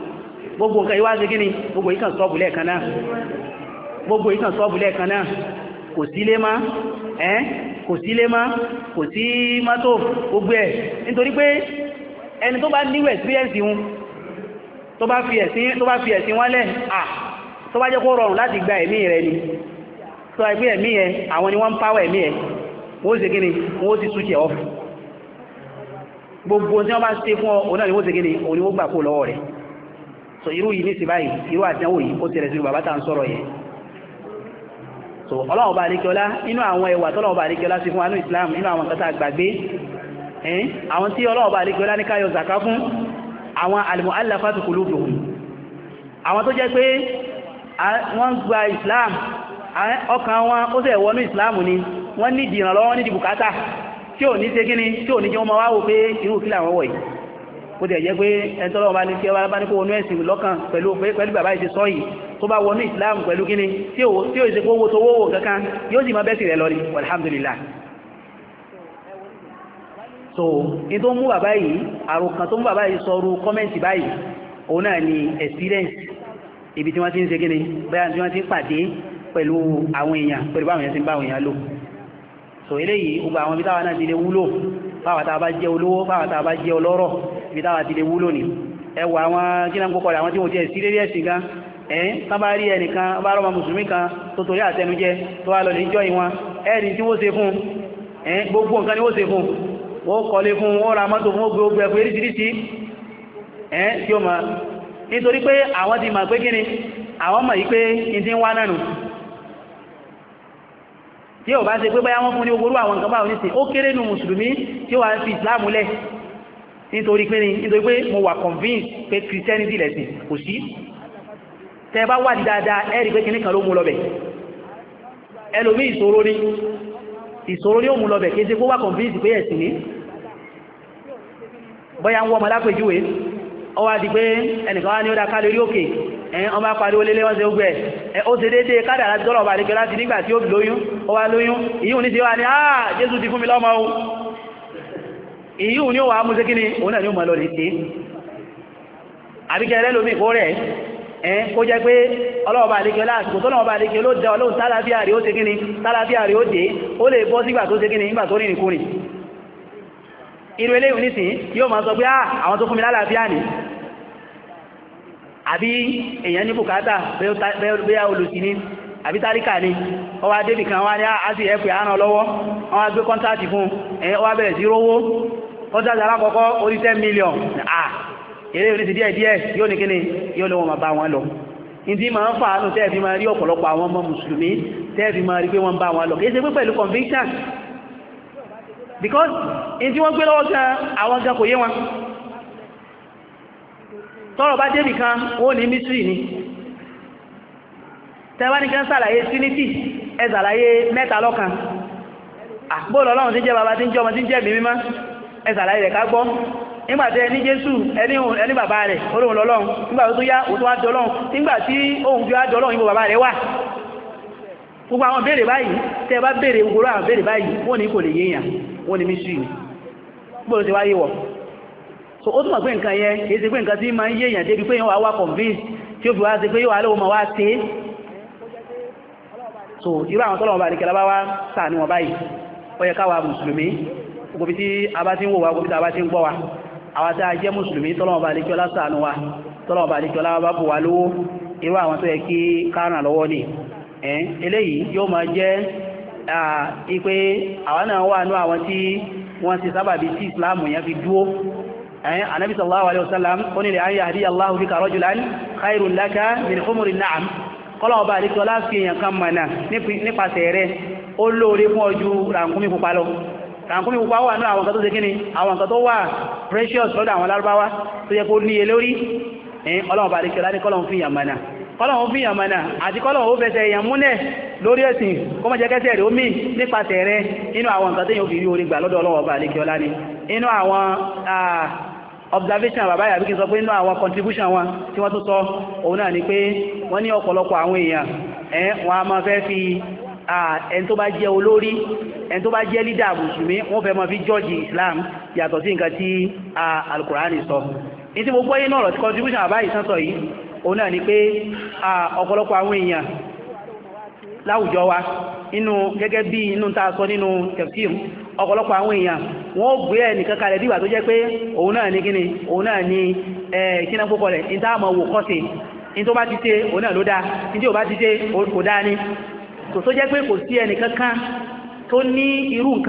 Speaker 1: gbogbo nǹkan ìwá ṣe gíní gbogbo ìkàn sọ́ọ̀bù lẹ́ẹ̀kan náà gbogbo ìkàn sọ́ọ̀bù lẹ́ẹ̀kan náà kò sílé má ẹ́ kò sílé má kò sí mọ́tò gbogbo ẹ̀ nítorí pé ẹni tó bá níwò experience wọn tó bá fi ẹ̀sìn tó bá fi ẹ̀sìn wọn lẹ̀ à tó bá jẹ́ kó rọrùn láti gba ẹ̀mí rẹ ni tó ẹgbẹ́ ẹ̀mí ẹ àwọn ni wọ́n pàwọ̀ ẹ̀mí ẹ wọ́n ṣe gíní wọ́n ti switch off gbogbo tí wọ́n bá ṣe fún ọ ni wọ́n ṣe gíní òun wọ́n gbà kó lọ́wọ́ rẹ̀ so iru yìí ní sí báyìí irú àdánwò yìí ó tẹ̀rẹ̀ sínú bàbá tá ń sọ̀rọ̀ yẹn so ọlọ́run bá àríkẹ́ọlá inú àwọn ẹwà tọ́lọ́run bá àríkẹ́ọlá sí fún anú Islam inú àwọn nǹkan tá a gbàgbé ẹ̀yìn àwọn tí ọlọ́run bá àríkẹ́ọlá ní káyọ zaka fún àwọn al-mu'allafatu qulubuhum àwọn tó jẹ́ pé wọ́n gba Islam ọkàn wọn ó ṣe wọnú Islam ni wọ́n nídìí ìrànlọ́wọ́ nídìí bùkátà tí ò ní ṣe kíni tí ò ní jẹ́ wọn máa pé irú kílà wọn yìí kó dẹ̀ jẹ́ pé ẹni tọ́lọ́wọ́ bá ní kí ọba bá ní kó wọnú ẹ̀sìn lọ́kàn pẹ̀lú pẹ̀lú bàbá ìṣe sọ́yì tó bá wọnú Islam pẹ̀lú kíní tí ó ìṣe kó wó tó wówó kankan yóò sì máa bẹ́sì rẹ̀ lọ alhamdulillah so in tó mú bàbá yìí àròkàn tó mú bàbá yìí sọrú ni experience ibi tí wọ́n ti ń ṣe kíní bẹ́ẹ̀ tí wọ́n ti ń pàdé pẹ̀lú àwọn èèyàn so eléyìí gbogbo àwọn ibi táwọn náà ti lè wúlò fáwọn tá a ibi táwa ti lè wúlò ní ẹwà àwọn jìnnà ń kókọ̀ rẹ̀ àwọn tí wọ́n jẹ́ sí lérí ẹ̀sìn gan ẹ̀yìn tán bá rí ẹnìkan bá rọ́mà mùsùlùmí kan tó torí àtẹnujẹ tó wà lọ lè jọ ìwọn ẹ̀rì tí wọ́n ṣe fún ẹ̀yìn gbogbo nǹkan ni wọ́n ṣe fún wọ́n kọ́lé fún wọ́n ra mọ́tò fún gbogbo ẹ̀kọ́ eríṣiríṣi ẹ̀yìn tí ó ma nítorí pé àwọn ti mọ̀ pé kí ni àwọn mọ̀ yí pé in ti ń wá nánu tí ò bá ṣe pé báyá wọ́n fún ní ogorú àwọn nǹkan báwọn nísìn ó kéré nu mùsùlùmí tí ó wà fi ìsìláàmù lẹ̀ nítorí pé nítorí pé mo wà convince pé christianity lẹ̀sìn kò sí tẹ bá wà ní dáadáa ẹ rí pé kíní kan ló mú lọ́bẹ̀ ẹlòmí ìṣòro ní ìṣòro ní ó mú lọ́bẹ̀ kí ṣe kó wà convince pé ẹ̀sìn ní bọ́yá ń wọ́ ọmọ lápèjúwe ọ wá di pé ẹnìkan wá ní ó dá ká lórí òkè ẹ̀yìn ọmọ apariwo lélé wọ́n ṣe ó gbẹ̀ ẹ̀ ó ṣe déédéé kádàrá tí tọ́lọ̀ ọba àdékẹ́ láti nígbà tí ó lóyún ó wá lóyún ìyíhùn ní ti wá ní àà ah, Jésù ti fún mi lọ́mọ ohun èyí ò ní ó wà mú sí kíní òun náà ni ó mọ̀ lọ lè ṣe àbíkẹ́ rẹ̀ lómi kó rẹ̀ ẹ́ kó jẹ́ pé ọlọ́ọ̀bà àdékẹ́ láàsìkò tó náà bá àdékẹ́ ló dẹ ọlọ́run tálàfíà rí ó ṣe kíní tálàfíà rí ó dé ó lè bọ́ sígbà tó ṣe ah, àbí èèyàn ní bùkátà bẹ́ẹ̀ olùsí ní àbí tálíkà ni ọwá débì kan wá ní àti ẹ̀pẹ̀ àánà lọ́wọ́ wọ́n wá gbé kọ́ntàtì fún ẹ̀yẹ́ wá bẹ̀rẹ̀ sí rówó kọ́ntàtì alákọ̀ọ́kọ́ orí 10 million ah eré orí ti díẹ̀ díẹ̀ yóò ní kíni yóò lọ́wọ́ ma bá wọn lọ ìdí ma ń fàánù tẹ́ẹ̀fì ma rí ọ̀pọ̀lọpọ̀ àwọn ọmọ mùsùlùmí tẹ́ẹ̀fì ma rí pé wọ́n bá wọn lọ kìí ṣe pé pẹ̀lú conviction because ìdí wọ́n gbé lọ́wọ́ gan àwọn gan kò yé wọn tọ́rọ̀ bá débì kan ó ní mísírì ni tẹ́wàá ní kí ń sàlàyé trinity ẹ sàlàyé mẹ́ta lọ́kan àpòlọ́ ọlọ́run tí ń jẹ́ bàbá tí ń jẹ́ ọmọ tí ń jẹ́ mi mímọ́ ẹ sàlàyé rẹ̀ ká gbọ́ nígbàtẹ́ ní jésù ẹni bàbá rẹ̀ olóhun lọ́lọ́run nígbà tó yá òtún wá dọ́lọ́run nígbà tí òun fi wá dọ́lọ́run ibo bàbá rẹ̀ wà gbogbo àwọn béèrè báyìí tẹ́ so ó túnmọ̀ pé nǹkan yẹn kìí ṣe pé nǹkan tí máa ń yéèyàn débi wá tí so irú àwọn tọ́lọ̀wọ́ bá ní kẹlẹ́ bá wá sàánú wọn báyìí ó yẹ káwa mùsùlùmí gbogbo tí a bá ti ń wò wá gbogbo tí a bá ti ń gbọ́ wa àwọn tí a jẹ́ mùsùlùmí tọ́lọ̀wọ́ bá ní kẹlẹ́ sàánú wa tọ́lọ̀wọ́ bá ní kẹlẹ́ bá bù wá lówó irú àwọn tó yẹ kí kárùn lọ́wọ́ ni eléyìí yóò máa jẹ́ ipe àwọn náà wà nú àwọn tí wọ́n ti sábàbí tí ìsìláàmù yẹn fi dúó ẹ̀yìn anábìsọ̀lá kọ́lọ̀wọ́ bá àríkẹ́ ọlá fi èèyàn kan mọ̀nà nípasẹ̀ rẹ̀ ó lóore fún ọjú ràǹkúnmí pupa lọ ràǹkúnmí pupa wà ní àwọn nǹkan tó ṣe kíni àwọn nǹkan tó wà precious lọ́dọ̀ àwọn lárúbáwá tó yẹ kó níye lórí ẹ̀yìn ọlọ́wọ́ bá àríkẹ́ ọlá ní kọ́lọ̀wọ́ fi èèyàn mọ̀nà kọ́lọ̀wọ́ fi èèyàn mọ̀nà àti kọ́lọ̀wọ́ fẹsẹ̀ èèyàn múlẹ̀ lórí ẹ̀sìn kó mọ̀ bá àríkẹ́ observation bàbá yàbí kí n sọ pé inú àwọn contribution wọn tí wọ́n tún sọ òun náà ni pé wọ́n ní ọ̀pọ̀lọpọ̀ àwọn èèyàn ẹ̀ wọ́n a máa fẹ́ fi ẹni tó bá jẹ́ olórí ẹni tó bá jẹ́ lídà mùsùlùmí wọ́n fẹ́ máa fi jọ́ọ̀jì Islam yàtọ̀ sí nǹkan tí alukurani sọ ní tí mo gbọ́ yín náà rọ̀ tí contribution bàbá yìí sán sọ yìí òun náà ni pé láwùjọ wa inú gẹ́gẹ́ bí inú ta sọ nínú kẹfíìm ọ̀pọ̀lọpọ̀ àwọn èèyàn wọ́n gbé ẹnìkan kalẹ̀ bí ìgbà tó jẹ́ pé òun náà ní kíni òun náà ní ẹ̀ẹ́kínà púpọ̀ rẹ̀ ní táàmù kọ́sì ní tó bá ti ṣe òun náà ló dáa ní tí bá ti ṣe kò dáa kò tó jẹ́ pé kò sí tó ni ẹni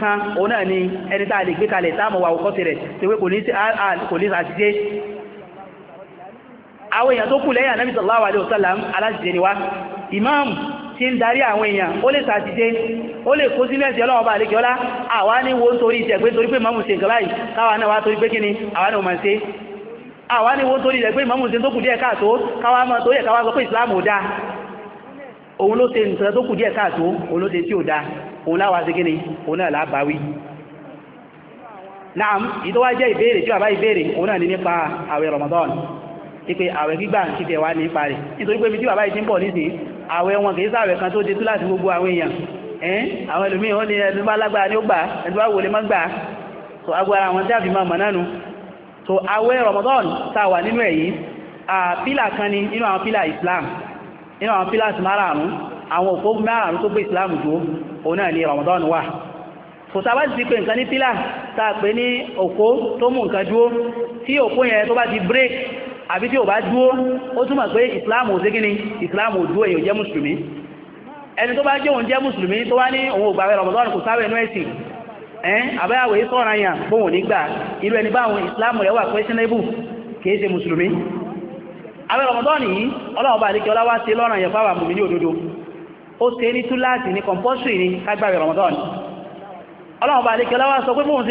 Speaker 1: tá a lè gbé kalẹ̀ táàmù àwọn èèyàn tó kù lẹ́yìn ànábì sallallahu alaihi wasallam wá imam tí ń darí àwọn èèyàn ó lè sàtìṣe ó lè kó sí mẹ́sì ọlọ́wọ́ bá àlékẹ́ ọlá àwa ní wo torí ìṣẹ́ pé torí pé mọ́mù ṣe nǹkan báyìí káwa náà wá torí pé kíni àwa náà máa ṣe àwa ní wo torí ìṣẹ́ pé mọ́mù ṣe tó kù díẹ̀ káàtó káwa mọ́ torí naam ìtọ́wá jẹ́ ìbéèrè tí wà bá ìbéèrè òun náà ní nípa àwẹ̀ Ramadan pé àwẹ̀ gbígbà ń ṣe tẹ̀wá ní ìparí nítorí pé ibi tí bàbá yìí ti ń bọ̀ nísìnyí àwẹ̀ wọn kìí sáàwẹ̀ kan tó de tú láti gbogbo àwọn èèyàn ẹ́n àwọn ẹlòmíì wọ́n ní ẹni bá lágbára ní ó gbà ẹni bá wòlé má gbà so agbára àwọn jáàbì máa mọ̀ nánu so àwẹ̀ Ramadan tá a wà nínú ẹ̀ yìí pílà kan ni nínú àwọn pílà Islam nínú àwọn pílà márààrún àwọn òpó márààrún tó gbé Islam dúró òun náà ni Ramadan wà kò sábà ti pé nǹkan ní pílà tá a pè ní òpó tó mú nǹkan dúró tí òpó yẹn tó bá ti break àbí tí ò bá dúó ó túnmọ̀ pé ìsìláàmù ò sí kíni ìsìláàmù ò dúó èyàn jẹ́ mùsùlùmí ẹni tó bá jẹ́ òun jẹ́ mùsùlùmí tó wá ní òun ògbàwẹ̀ rọ̀mọ̀lọ́rùn kò sáwẹ̀ inú ẹ̀sìn ẹn àbáyàwó sọ́ra yàn bóhùn nígbà irú ẹni báwọn ìsìláàmù rẹ̀ wà questionable kìí ṣe mùsùlùmí àwẹ̀ rọ̀mọ̀lọ́rùn yìí ọlọ́run bá àdékẹ́ ọláwá ṣe lọ́ràn yẹn fáwà mùmí ní òdodo ó ṣe ní túláàsì ní compulsory ní kágbàwẹ̀ rọ̀mọ̀lọ́rùn ọlọ́run bá àdékẹ́ ọláwá sọ pé bóhùn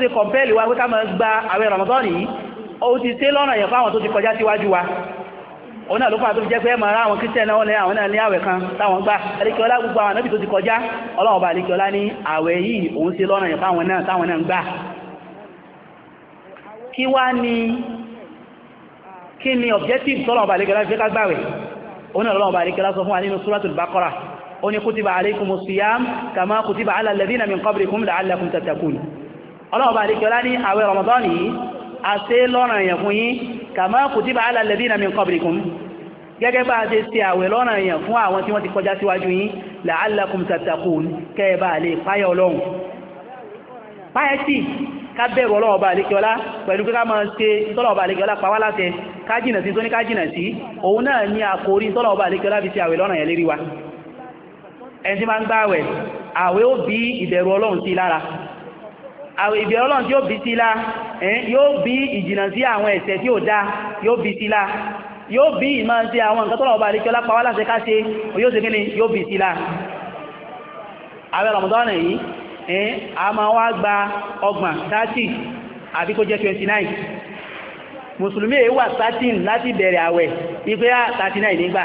Speaker 1: ṣe compel wa pé ká máa gba àwẹ̀ rọ̀mọ̀lọ́rùn yìí ó ti ṣe lọ́nà yẹn fáwọn tó ti kọjá síwájú wa òun náà ló fà tó fi jẹ́ pé ẹmọ̀ ráwọn kírísítẹ̀nì náà lẹ́ àwọn náà ní àwẹ̀ kan táwọn gbà àríkíọlá gbogbo àwọn náà tó ti kọjá ọlọ́wọ̀n bá àríkíọlá ní àwẹ̀ yìí òun ṣe lọ́nà yẹn fáwọn náà táwọn náà gbà kí wá ní kí ni objective tọ́lọ̀wọ̀n bá àríkíọlá fi ká gbàwẹ̀ òun náà lọ́wọ́n bá àríkíọlá sọ fún wa nínú súratul Baqara ó ní kútìbà alaykumus siyam kama kútìbà àṣẹ lọ́ràn èèyàn fún yín kàmá kutiba ala alladhina min qablikum gẹ́gẹ́ bá ṣe ṣe àwẹ̀ lọ́ràn èèyàn fún àwọn tí wọ́n ti kọjá síwájú yín la'allakum tattaqun kẹ́ẹ̀bà lè páyà ọlọ́run páyẹ́tì ká bẹ̀rù ọlọ́run ọba àlékiọlá pẹ̀lú pé ká máa ṣe ìtọ́lọ̀ ọba àlékiọlá pàwá láṣẹ ká jìnà sí tó ní ká jìnà sí òun náà ní àkórí ìtọ́lọ̀ ọba àlékiọlá àwọn ìbẹ̀rẹ̀ ọlọ́run tí ó bí sí la yóò bí ìjìnà sí àwọn ẹ̀ṣẹ̀ tí ó dá yóò bí sí la yóò bí ìmọ̀ sí àwọn nǹkan tọ́lọ̀ ọba àríkẹ́ lápá wá láti ká ṣe yóò ṣe kíni yóò bí sí la àwẹ̀ Ramadan yìí a máa wá gba ọgbọ̀n 30 àbí kó jẹ́ 29 mùsùlùmí èyí wà 13 láti bẹ̀rẹ̀ àwẹ̀ ìpé 39 nígbà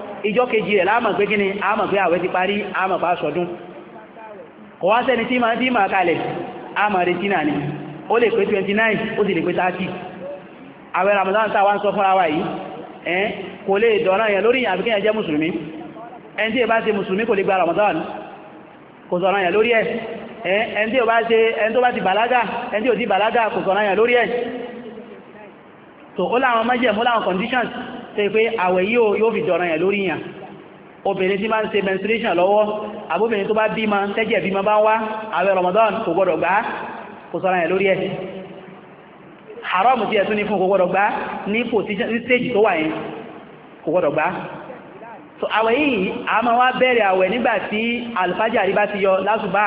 Speaker 1: ìjọ kejì rẹ̀ láàmà pé kíni àmà pé àwẹ̀ ti parí àmà pa sọdún kò wá sẹ́ni tí máa tí máa kalẹ̀ àmà retí náà ni ó lè pé 29 ó sì lè pé 30 àwẹ̀ Ramadan sáà wá ń sọ fúnra wa yìí ẹ́n kò lè dọ̀nà yẹn lórí àfi kéèyàn jẹ́ mùsùlùmí ẹni tí ẹ Ramadan kò sọ̀nà yẹn lórí ẹ̀ ẹni tí ó bá ṣe ẹni tó bá ti bàlágà ẹni tí ò ti bàlágà kò sọ̀nà yẹn lórí ẹ̀ so ṣe pé àwẹ̀ yíò yóò fi dọ̀ranyàn lórí yàn obìnrin tí máa ń ṣe menstruation lọ́wọ́ àbóbìnrin tó bá bímọ tẹ́jẹ̀ bímọ bá ń wá àwẹ̀ Ramadan kò gbọdọ̀ gbá kò sọ̀ranyàn lórí ẹ̀ haram tí ẹ̀ tún ní fún kò gbọdọ̀ gbá ní stage tó wà yẹn kò gbọdọ̀ gbá so àwẹ̀ yìí a máa wá bẹ̀rẹ̀ àwẹ̀ nígbà tí alfajari bá ti yọ lásùbá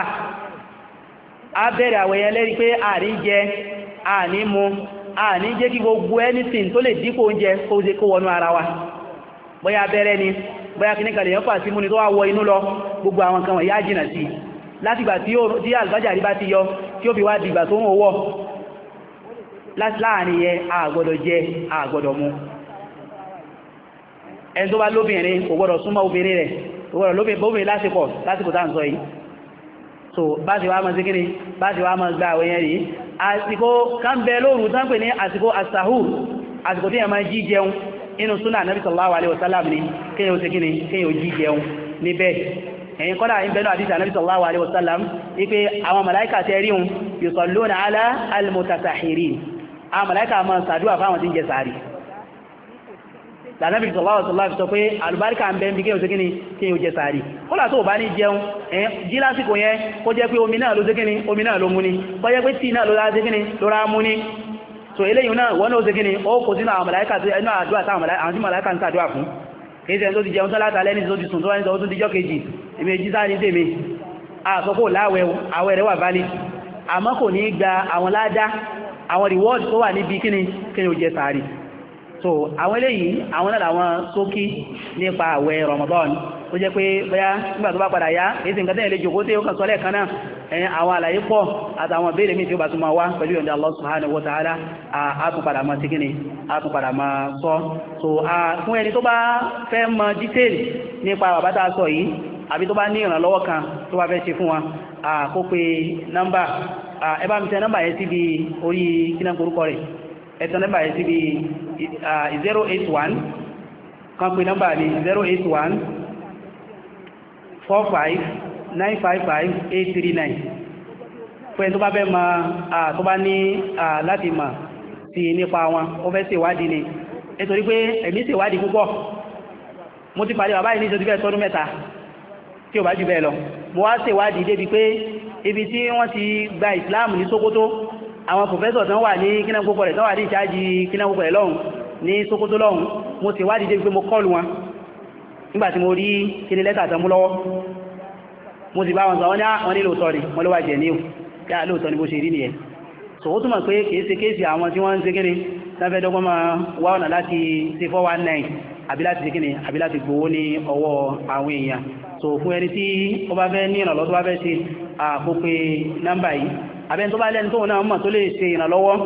Speaker 1: a bẹ̀rẹ̀ àwẹ̀ yẹn lẹ́rí pé àrí jẹ àní mu a ní jẹ́ kí gbogbo anything tó lè dípò oúnjẹ kó ṣe kó wọnú ara wa bóyá abẹ́rẹ́ ni bóyá kí ní kàlẹ̀ yẹn fà sí mú ni tó wá wọ inú lọ gbogbo àwọn nǹkan wọ̀nyí á jìnà sí látìgbà tí àlùfájàrí bá ti yọ tí ó fi wá dìgbà tó ń wọ̀ láàrin yẹn a gbọ́dọ̀ jẹ a gbọ́dọ̀ mu ẹni tó bá lóbìnrin kò gbọ́dọ̀ súnmọ́ obìnrin rẹ̀ kò gbọ́dọ̀ lóbìnrin lásìkò lásìkò tá à ń sọ yìí so bá ti wá mọ́ sí kíni bá ti wá mọ́ gbà àwọn yẹn yìí àsìkò kánbẹ lóòrùn tán pè ní àsìkò asahur àsìkò tí yẹn máa jí jẹun inú súnà Ànábì sallallahu alaihi wasallam ni kíyàn ó ṣe kíni kíyàn ó jí jẹun níbẹ̀ ẹ̀yìn kọ́lá ìbẹ̀nú àdísì Ànábì sallallahu alaihi ala al-mutasahirin àwọn màláíkà máa ṣàdúà fáwọn lànàbì sallallahu alaihi wasallam sọ pé àlùbáríkà ń bẹ ń bí kéèyàn sékíní kí o jẹ sàárì ó là tó bá ní jẹun ẹ̀yìn jí lásìkò yẹn kó jẹ́ pé ni kó jẹ́ pé tí náà ló ni so eléyìn náà wọ́n náà sékíní ó kò sínú àwọn màláíkà tó ẹnu àdúrà táwọn màláíkà ń sàdúrà fún kìí sẹ́ni tó ti jẹun sọ́lá tàlẹ́ ní tó ti sùn tó wá ní sọ tó ti jọ́ kejì èmi èjì sáré so àwọn eléyìí àwọn náà làwọn sókí nípa àwẹ̀ Ramadan ó jẹ́ pé bóyá nígbà tó bá padà yá èsì nǹkan tẹ́lẹ̀ jòkó tí ó kàn sọ́lẹ̀ kan náà ẹ̀yìn àwọn àlàyé pọ̀ àtàwọn ìbéèrè míì tí ó bá túnmọ̀ wá pẹ̀lú ìyọ̀ndà Allah subhanahu wa ta'ala àtúnpadà mọ́ sí kíni so fún ẹni tó bá fẹ́ mọ dítèlì nípa a sọ yìí àbí tó bá ní ìrànlọ́wọ́ kan tó bá fẹ́ ṣe fún wa kó pe nọ́mbà ẹ bá mi orí kí rẹ̀ ẹ tẹ nọ́mbà yẹn síbi 081 kan pè nọ́mbà mi 081 45 955 839 fún ẹ tó bá fẹ́ mọ̀ tó bá ní láti mọ̀ sí nípa wọn ó fẹ́ ṣèwádìí ni nítorí pé ẹ̀mí ṣèwádìí púpọ̀ mo ti parí bàbá yìí ní ìṣòtí bẹ́ẹ̀ tọ́dún mẹ́ta tí ò bá jù bẹ́ẹ̀ lo. mo wá ṣèwádìí débi pé ibi tí wọ́n ti gba ìsìláàmù ní Sókótó àwọn pòfẹ́sọ̀ tán wà ní kíná púpọ̀ rẹ̀ tán wà ní ìṣáájì kíná púpọ̀ rẹ̀ lọ́hùn ní Sókótó lọ́hùn mo ti wádìí débi pé mo kọlù wọn nígbàtí mo rí kíní lẹ́tà tán mú lọ́wọ́ mo sì bá wọn sọ wọ́n ní ah, lóòtọ́ ni wọ́n ló wà jẹ̀ ní o ká ah, lóòtọ́ ni bó so ó túnmọ̀ pé kìí ṣe kéèsì àwọn tí wọ́n ń àbẹ́ tó bá lẹ́ni tó náà mọ̀ tó lè ṣe ìrànlọ́wọ́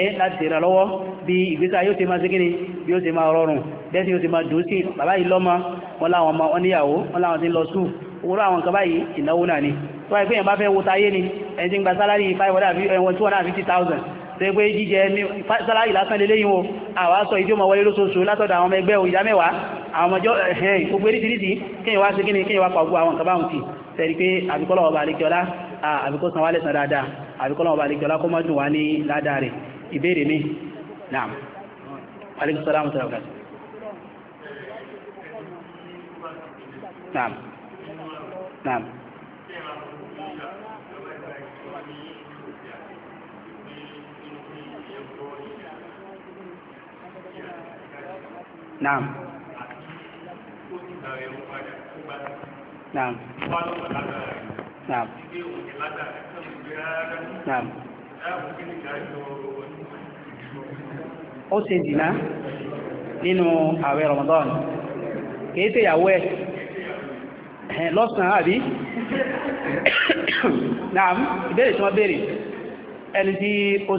Speaker 1: ẹ́ láti ṣe ìrànlọ́wọ́ bí ìgbésà yóò ṣe máa ṣe kíni bí ó ṣe máa rọrùn bẹ́ẹ̀ sí yóò ṣe máa dùn sí bàbá yìí lọ́mọ wọn láwọn ọmọ wọn wọn láwọn ti lọ sùn owó àwọn nǹkan báyìí ìnáwó náà ni tó wáyé pé èèyàn bá fẹ́ wo tayé ni ẹni tí ń gba sálárì five hundred and fifty thousand tó pé jíjẹ ní sálárì lásán lélé yíò àwa sọ ìdí ọmọ wọlé lóṣooṣù látọ̀dọ̀ àwọn ọmọ ẹgbẹ́ ìdá mẹ́wàá àwọn ọmọjọ́ ẹ̀hẹ́ gbogbo eréṣìíríṣìí kíyànwá sí kíni kíyànwá pàgbọ́ àwọn nǹkan báwọn ti tẹ̀rí pé àbíkọ́lọ̀ ọba àlejọ́lá Ah, àbíkó san wálẹ̀ san dáadáa àbíkó lọ́wọ́ bá lẹ́jọ́ lákọ́ mọ́dún wá ní ládàá rẹ̀ ìbéèrè mi naam
Speaker 3: alaikum salaam tó rọ̀gá naam naam
Speaker 1: naam naam Naam. Naam. Ó ṣe dìná nínú àwẹ̀ Ramadan. Kìí ṣe ìyàwó ẹ̀. Lọ́sàn-án àbí? Naam, ìbéèrè tí wọ́n béèrè. Ẹni tí ó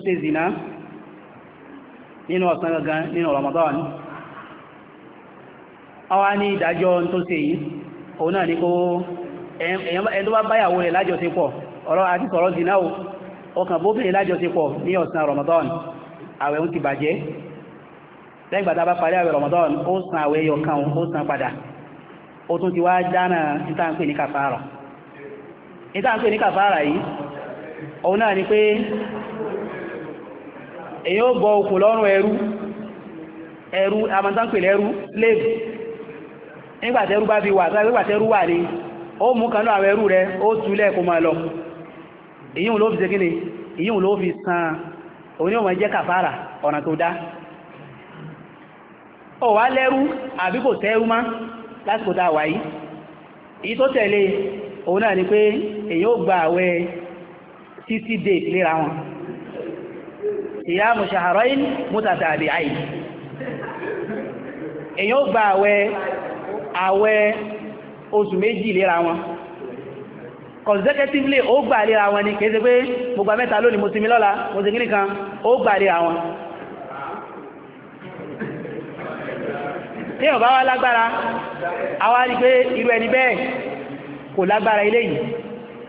Speaker 1: nínú ọ̀sán gangan nínú Ramadan. Ọwá ní ìdájọ́ tó ṣe yìí, òun náà kó ẹ̀yàn bá báyàwó rẹ̀ lájọṣepọ̀ ọ̀rọ̀ àti sọ̀rọ̀ sí náà ọkàn bóbìnrin lájọṣepọ̀ ní ọ̀sán Ramadan àwẹ̀ ń ti bàjẹ́ lẹ́gbà bapali bá parí àwẹ̀ Ramadan ó san àwẹ̀ ó padà ó tún ti wá dáná nígbàtẹ́rú bá wà nígbàtẹ́rú wà ó mú kanú àwọn ẹrú rẹ̀ ó túlẹ̀ kó máa lọ ìyíhùn ló fi ṣe kíni ìyíhùn ló fi san òní òmọ̀ jẹ́ kàfàrà ọ̀nà tó dá ó wá lẹ́rú àbí kò tẹ́rú má lásìkò tá a wà yìí èyí tó tẹ̀lé òun náà ni pé èyí ó gba àwẹ̀ títí dé ìlera wọn ìyá mùsàárọ̀ín mútàtà àbí àyè èyí ó gba àwẹ̀ àwẹ̀ oṣù méjì léra wọn consecutively ó gbà léra wọn ni kìí ṣe pé gbogbo mẹ́ta lónìí mo sinmi lọ́la mo gíní kan ó gbà léra wọn tí ọ̀bá wá lágbára àwa rí pé irú ẹni bẹ́ẹ̀ kò lágbára eléyìí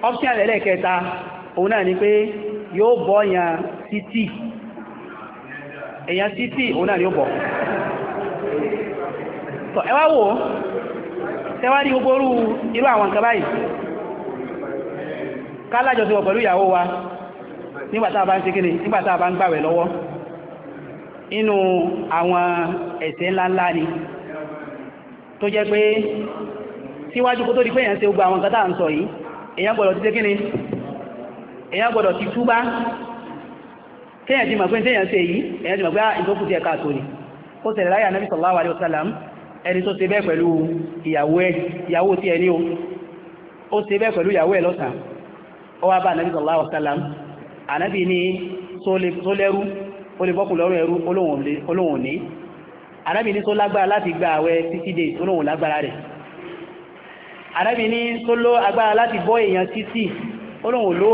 Speaker 1: option ẹlẹ́kẹta òun náà ni pé yóò bọ́ èèyàn títì èèyàn títì òun náà bọ̀ wò tẹwárí gbogbo orú irú àwọn nǹkan báyìí kálájọsọ pẹ̀lú ìyàwó wa nígbàtà bá ń ṣe kíni nígbàtà bá ń gbàwẹ̀ lọ́wọ́ inú àwọn ẹ̀ṣẹ̀ ńláńlá ni tó jẹ́ pé síwájú kó tó di pé èyàn se gbogbo àwọn nǹkan tá ń sọ yìí èyàn gbọ́dọ̀ ti ṣe kíni èyàn gbọ́dọ̀ ti túbá kéèyàn ti mọ̀ pé téèyàn ṣe yìí èyàn ti mọ̀ pé ìtókù ti ẹ̀ka àtòrì ó ṣẹlẹ̀ láyà Nabi sallallahu alaihi wasallam ẹni tó ṣe bẹ́ẹ̀ pẹ̀lú ìyàwó ẹ̀ ìyàwó tí ẹni o ó ṣe bẹ́ẹ̀ pẹ̀lú ìyàwó ẹ̀ lọ́sàn ó wá bá ànábì sallallahu alaihi wasallam ànábì ní tó lẹ́rú ó lè bọ́kùn lọ́rùn ẹrú olóhùn ní ànábì ní tó lágbára láti gba àwẹ̀ títí dé olóhùn lágbára rẹ̀ ànábì ní tó ló agbára láti bọ́ èèyàn títí olóhùn ló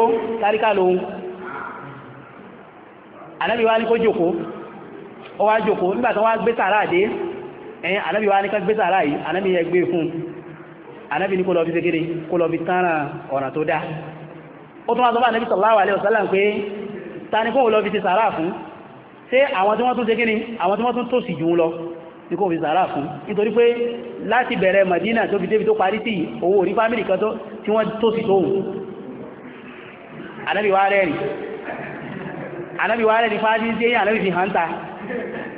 Speaker 1: ẹ̀yìn anábì wá ní ká gbé sàárà yìí anábì yẹ gbé fún anábì ní kó lọ fi ṣegere kó lọ fi tánà ọ̀nà tó dá ó tún wá sọ fún anábì sallallahu alaihi wasallam pé ta ni kó lọ fi ṣe sàárà fún ṣé àwọn tí wọ́n tún ṣegere àwọn tí wọ́n tún tòṣì jù lọ ní kó Madina tó fi débi tó parí sí owó orí fámìlì kan tí wọ́n tòṣì tóhùn anábì wá rẹ̀ ni anábì wá rẹ̀ ni fáájí ń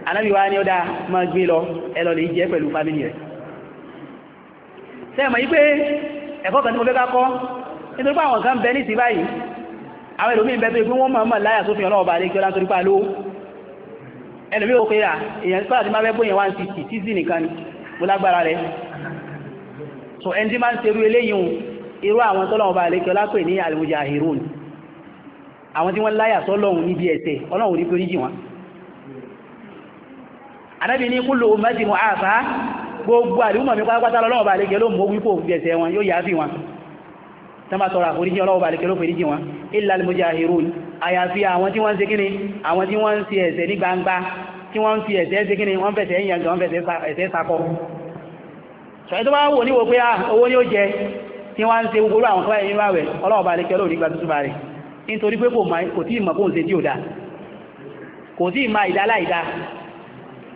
Speaker 1: anábì wá ní ọdá ma gbé lọ ẹlọ lè jẹ́ pẹ̀lú fámílì rẹ̀ sẹ́ẹ̀mọ̀ yí pé ẹ̀kọ́ kan tí mo fẹ́ ká kọ́ nítorí pé àwọn kan bẹ ní sí báyìí àwọn ẹlòmí ń bẹ tó ikú wọ́n ni mo lágbára rẹ̀ so ẹni tí máa ń serú eléyìí irú àwọn tọ́lọ́ọ̀bà àdékẹ́ ọlá pè ní al-mujahirun àwọn tí wọ́n láyà sọ́lọ́hun níbi ẹ̀ṣẹ̀ ọlọ́run ní pé oríjì wọn anábì ní kúlù ummati mu'afa gbogbo àdúgbò mi pátápátá lọ́wọ́ bá lè gẹ́lò mọ́ wípò gẹ̀ẹ́sẹ̀ wọn yóò yááfì wọn tánbà tọrọ àforíjì ọlọ́wọ́ bá lè gẹ́lò fèríjì wọn illal mujahirun àyàfi àwọn tí wọ́n ń ṣe kíni àwọn tí ah, ni ó jẹ tí wọ́n ń ṣe gbogbo àwọn kọ́lá ìrìn ráwẹ̀ ọlọ́wọ́ bá lè gẹ́lò nígbà tuntun bá rẹ̀ nítorí pé kò tí ì mọ̀ kó ń ṣe tí ò dá kò tí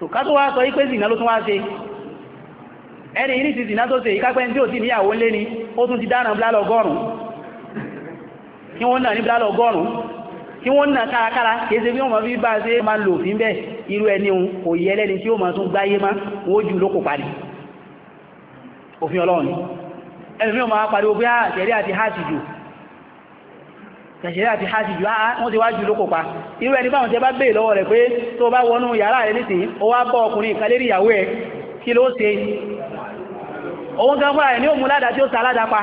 Speaker 1: tó ká tó wá sọ ipé zìnà ló tún wá ṣe ẹni ìrí ti zìnà tó ṣe ìkápẹ́ tí ò sí níyàwó lé ní ó tún ti dára blálọ ọgọ́rùn kí wọ́n náà ní blálọ ọgọ́rùn kí wọ́n náà kárakára kéèsè bí wọ́n ma fi bá ṣe ma lò fín bẹ́ irú ẹni kò yẹ lẹ́ni tí ó ma tún gbáyé má wọ́n jù lókò parí òfin ọlọ́run ẹni mi ò máa pariwo bí àtẹ̀rí ah, àti háàtì jù tẹ̀sẹ̀rẹ́ àti hajjì wọ́n ti wá jù lókò pa irú ẹni báwọn tẹ bá bèè lọ́wọ́ rẹ̀ pé tó bá wọnú yàrá rẹ̀ nìsìn ó wá bọ́ ọkùnrin ìkàlérí ìyàwó ẹ̀ kí ló ṣe òun gan fúnra rẹ̀ ní òmú ládá tí ó sàládá pa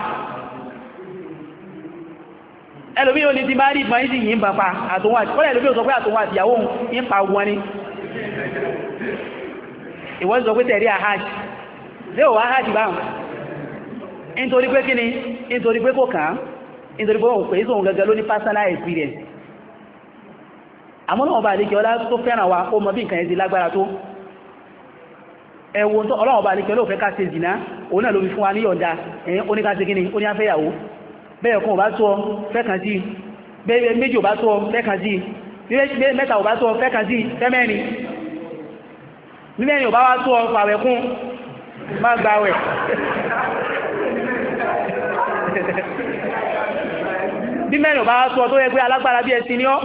Speaker 1: ẹlòmí ò ní ti bá rí ìbọn ìsìn yìí ń bà pa àtòun àti kọ́lẹ̀ ẹlòmí ò sọ pé àtòun àti ìyàwó ń pa wọn ni ìwọ́n sọ pé tẹ̀rí àhájì nítorí pé òpè ìsòun gẹ́gẹ́ ló ní personal experience àmọ́ náà ọba àdíkẹ́ ọlá tó fẹ́ràn wa ó mọ bí nǹkan ẹ̀dì lágbára tó ẹwọ tó ọlọ́wọ́ ọba àdíkẹ́ ló fẹ́ ká ṣe zìnà òun náà ló fi fún wa ní yọ̀ǹda ẹ̀yìn oníkàṣe kíni ó ní afẹ́yàwó bẹ́ẹ̀ kan ò bá tó fẹ́kàn sí bẹ́ẹ̀ méjì ò bá bí mẹ́rin bá sọ tó yẹ pé alágbára bí ẹsìn ni ọ́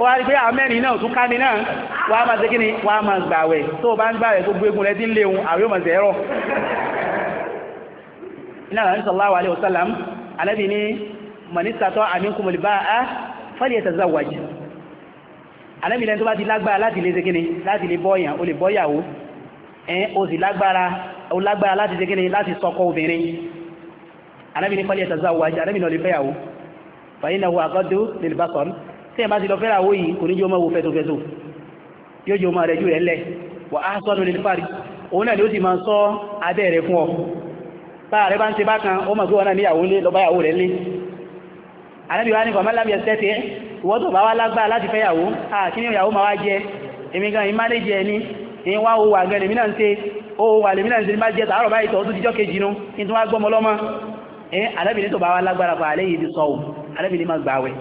Speaker 1: ó wá rí pé àwọn mẹ́rin náà tún ká mi náà wà á máa ṣe kíni wà á máa gbàwẹ̀ tó o bá ń gbàwẹ̀ tó gbégun rẹ ti ń léwu àwọn yóò máa ṣe ẹ̀rọ. iná àlàyé sallallahu alaihi wasallam alẹ́bí ní mọ̀nísàtọ̀ àmínkùmọ̀lì bá a fọ́lì ẹ̀ tazawwaj alẹ́bí lẹ́ni tó bá ti lágbára láti lè ṣe kíni láti lè bọ́yàn o lè bọ́yàwó ẹ̀ o sì lágbára o lágbára láti ṣe fàyínà wo àgọ́dù lèlùbákan tí ẹ bá ti lọ fẹ́ra owó yìí kò ní jẹ́ ọmọ wo fẹ́tofẹ́tò yóò jẹ́ ọmọ rẹ̀ jù rẹ̀ lẹ̀ wà á sọ́nù lèlùfàrí òun náà ni ó sì máa sọ abẹ́ rẹ̀ fún ọ bá rẹ̀ bá ń ṣe bákan ó mọ̀ pé wọn náà níyàwó lé lọ báyàwó rẹ̀ lé anábì wa ní kọ̀mọ́ lábẹ́ ẹsẹ̀ tiẹ̀ ìwọ́ tó bá wá lágbára láti fẹ́yàwó àkíní ìyàwó máa wá jẹ èmi gan ìmá lè jẹ ẹ̀ anábì tó bá wá lágbára pa àlẹ́ ti sọ òun Ànábì ní máa gbààwẹ̀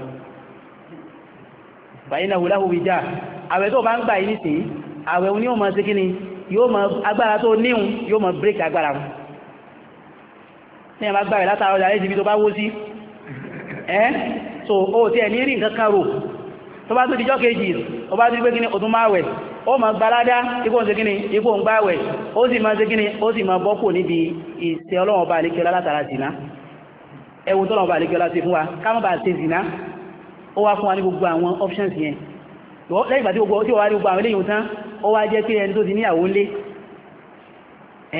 Speaker 1: fàyínà hùláhù wìjà àwẹ̀ tó bá ń gbà yìí nìsín àwẹ̀ òun ni yóò máa ṣe kíni yóò máa agbára tó níhun yóò máa bírèkì agbára wọn ní ẹ̀mà gbààwẹ̀ látara ọjà lẹ́jìbí tó bá wó sí ẹ́ so ó tí ẹ̀ ní rí nǹkan kan rò tó bá tó dijọ́ kejì ó bá tó di pé kíni òtún máa wẹ̀ ó ma gbalada ikú òun kíni ikú òun gbààwẹ̀ ó sì máa ṣe kíni ó sì máa bọ́ níbi ìṣẹ́ ọlọ́run ọba àlékẹ́ látara zina ẹwọ tọ́lọ̀ ọba àlejò láti fún wa káwọn bá ṣe zìnà ó wá fún wa ní gbogbo àwọn options yẹn lẹ́yìn ìgbà tí gbogbo tí wọ́n wá rí gbogbo àwọn eléyìí tán ó wá jẹ́ pé ẹni tó ti níyàwó ńlé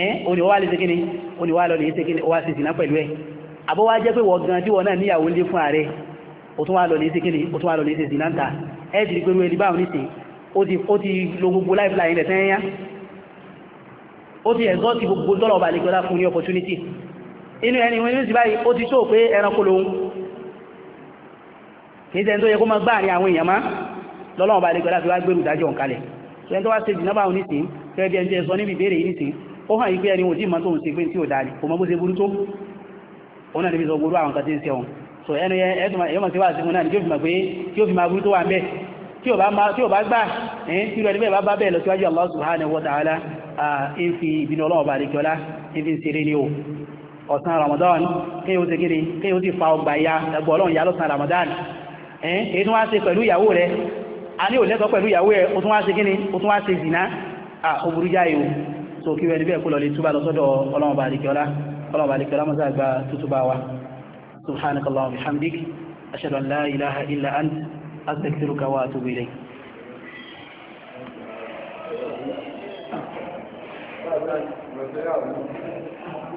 Speaker 1: ẹ́n òní wá lè ṣe kíni òní wá lọ lè ṣe kíni ó wá ṣe zìnà pẹ̀lú ẹ̀ àbọ̀ wá jẹ́ pé wọ́n gan tí wọ́n náà níyàwó ńlé fún ààrẹ ó tún wá lọ lè opportunity inú ẹni wọn ní sí báyìí ó ti ṣó pé ẹranko lòun kìí sẹ́ni tó yẹ kó máa gbá àárín àwọn èèyàn má lọ́lọ́wọ́ bá lè gbọ́dá fi wá gbèrú ìdájọ́ ọ̀kalẹ̀ sẹ́ni tó wá ṣe jìnnà báwọn nísìn fẹ́ẹ́ bí ẹni tẹ́ ni kò mọ bó ṣe so ẹnu yẹn ẹtùmọ̀ èyí mọ̀ sí wàásù fún náà ni tí ó fi mọ̀ pé tí ó fi máa burú tó wà ń bẹ́ẹ̀ tí o bá gbà ẹ̀yìn tí rẹ̀ bá bá bẹ́ẹ̀ lọ síwájú Allah subhanahu wa ta'ala ń fi ìbínú ọlọ́ọ̀bá àríkọlá ń fi ń o ọ̀sán Ramadan kí o ti gíní kí o ti fa ọgbà ya ẹgbọ́ ọlọ́run ya lọ́sàn Ramadan ẹ̀yìn èyí tún wá ṣe pẹ̀lú ìyàwó rẹ̀ a ní òlẹ́tọ̀ pẹ̀lú ìyàwó ẹ̀ o tún wá ṣe gíní o tún wá ṣe zìnà à ó burú jáì o so kí wẹ́n bẹ́ẹ̀ kó lọ lè túbà lọ sọ́dọ̀ ọlọ́run
Speaker 3: bá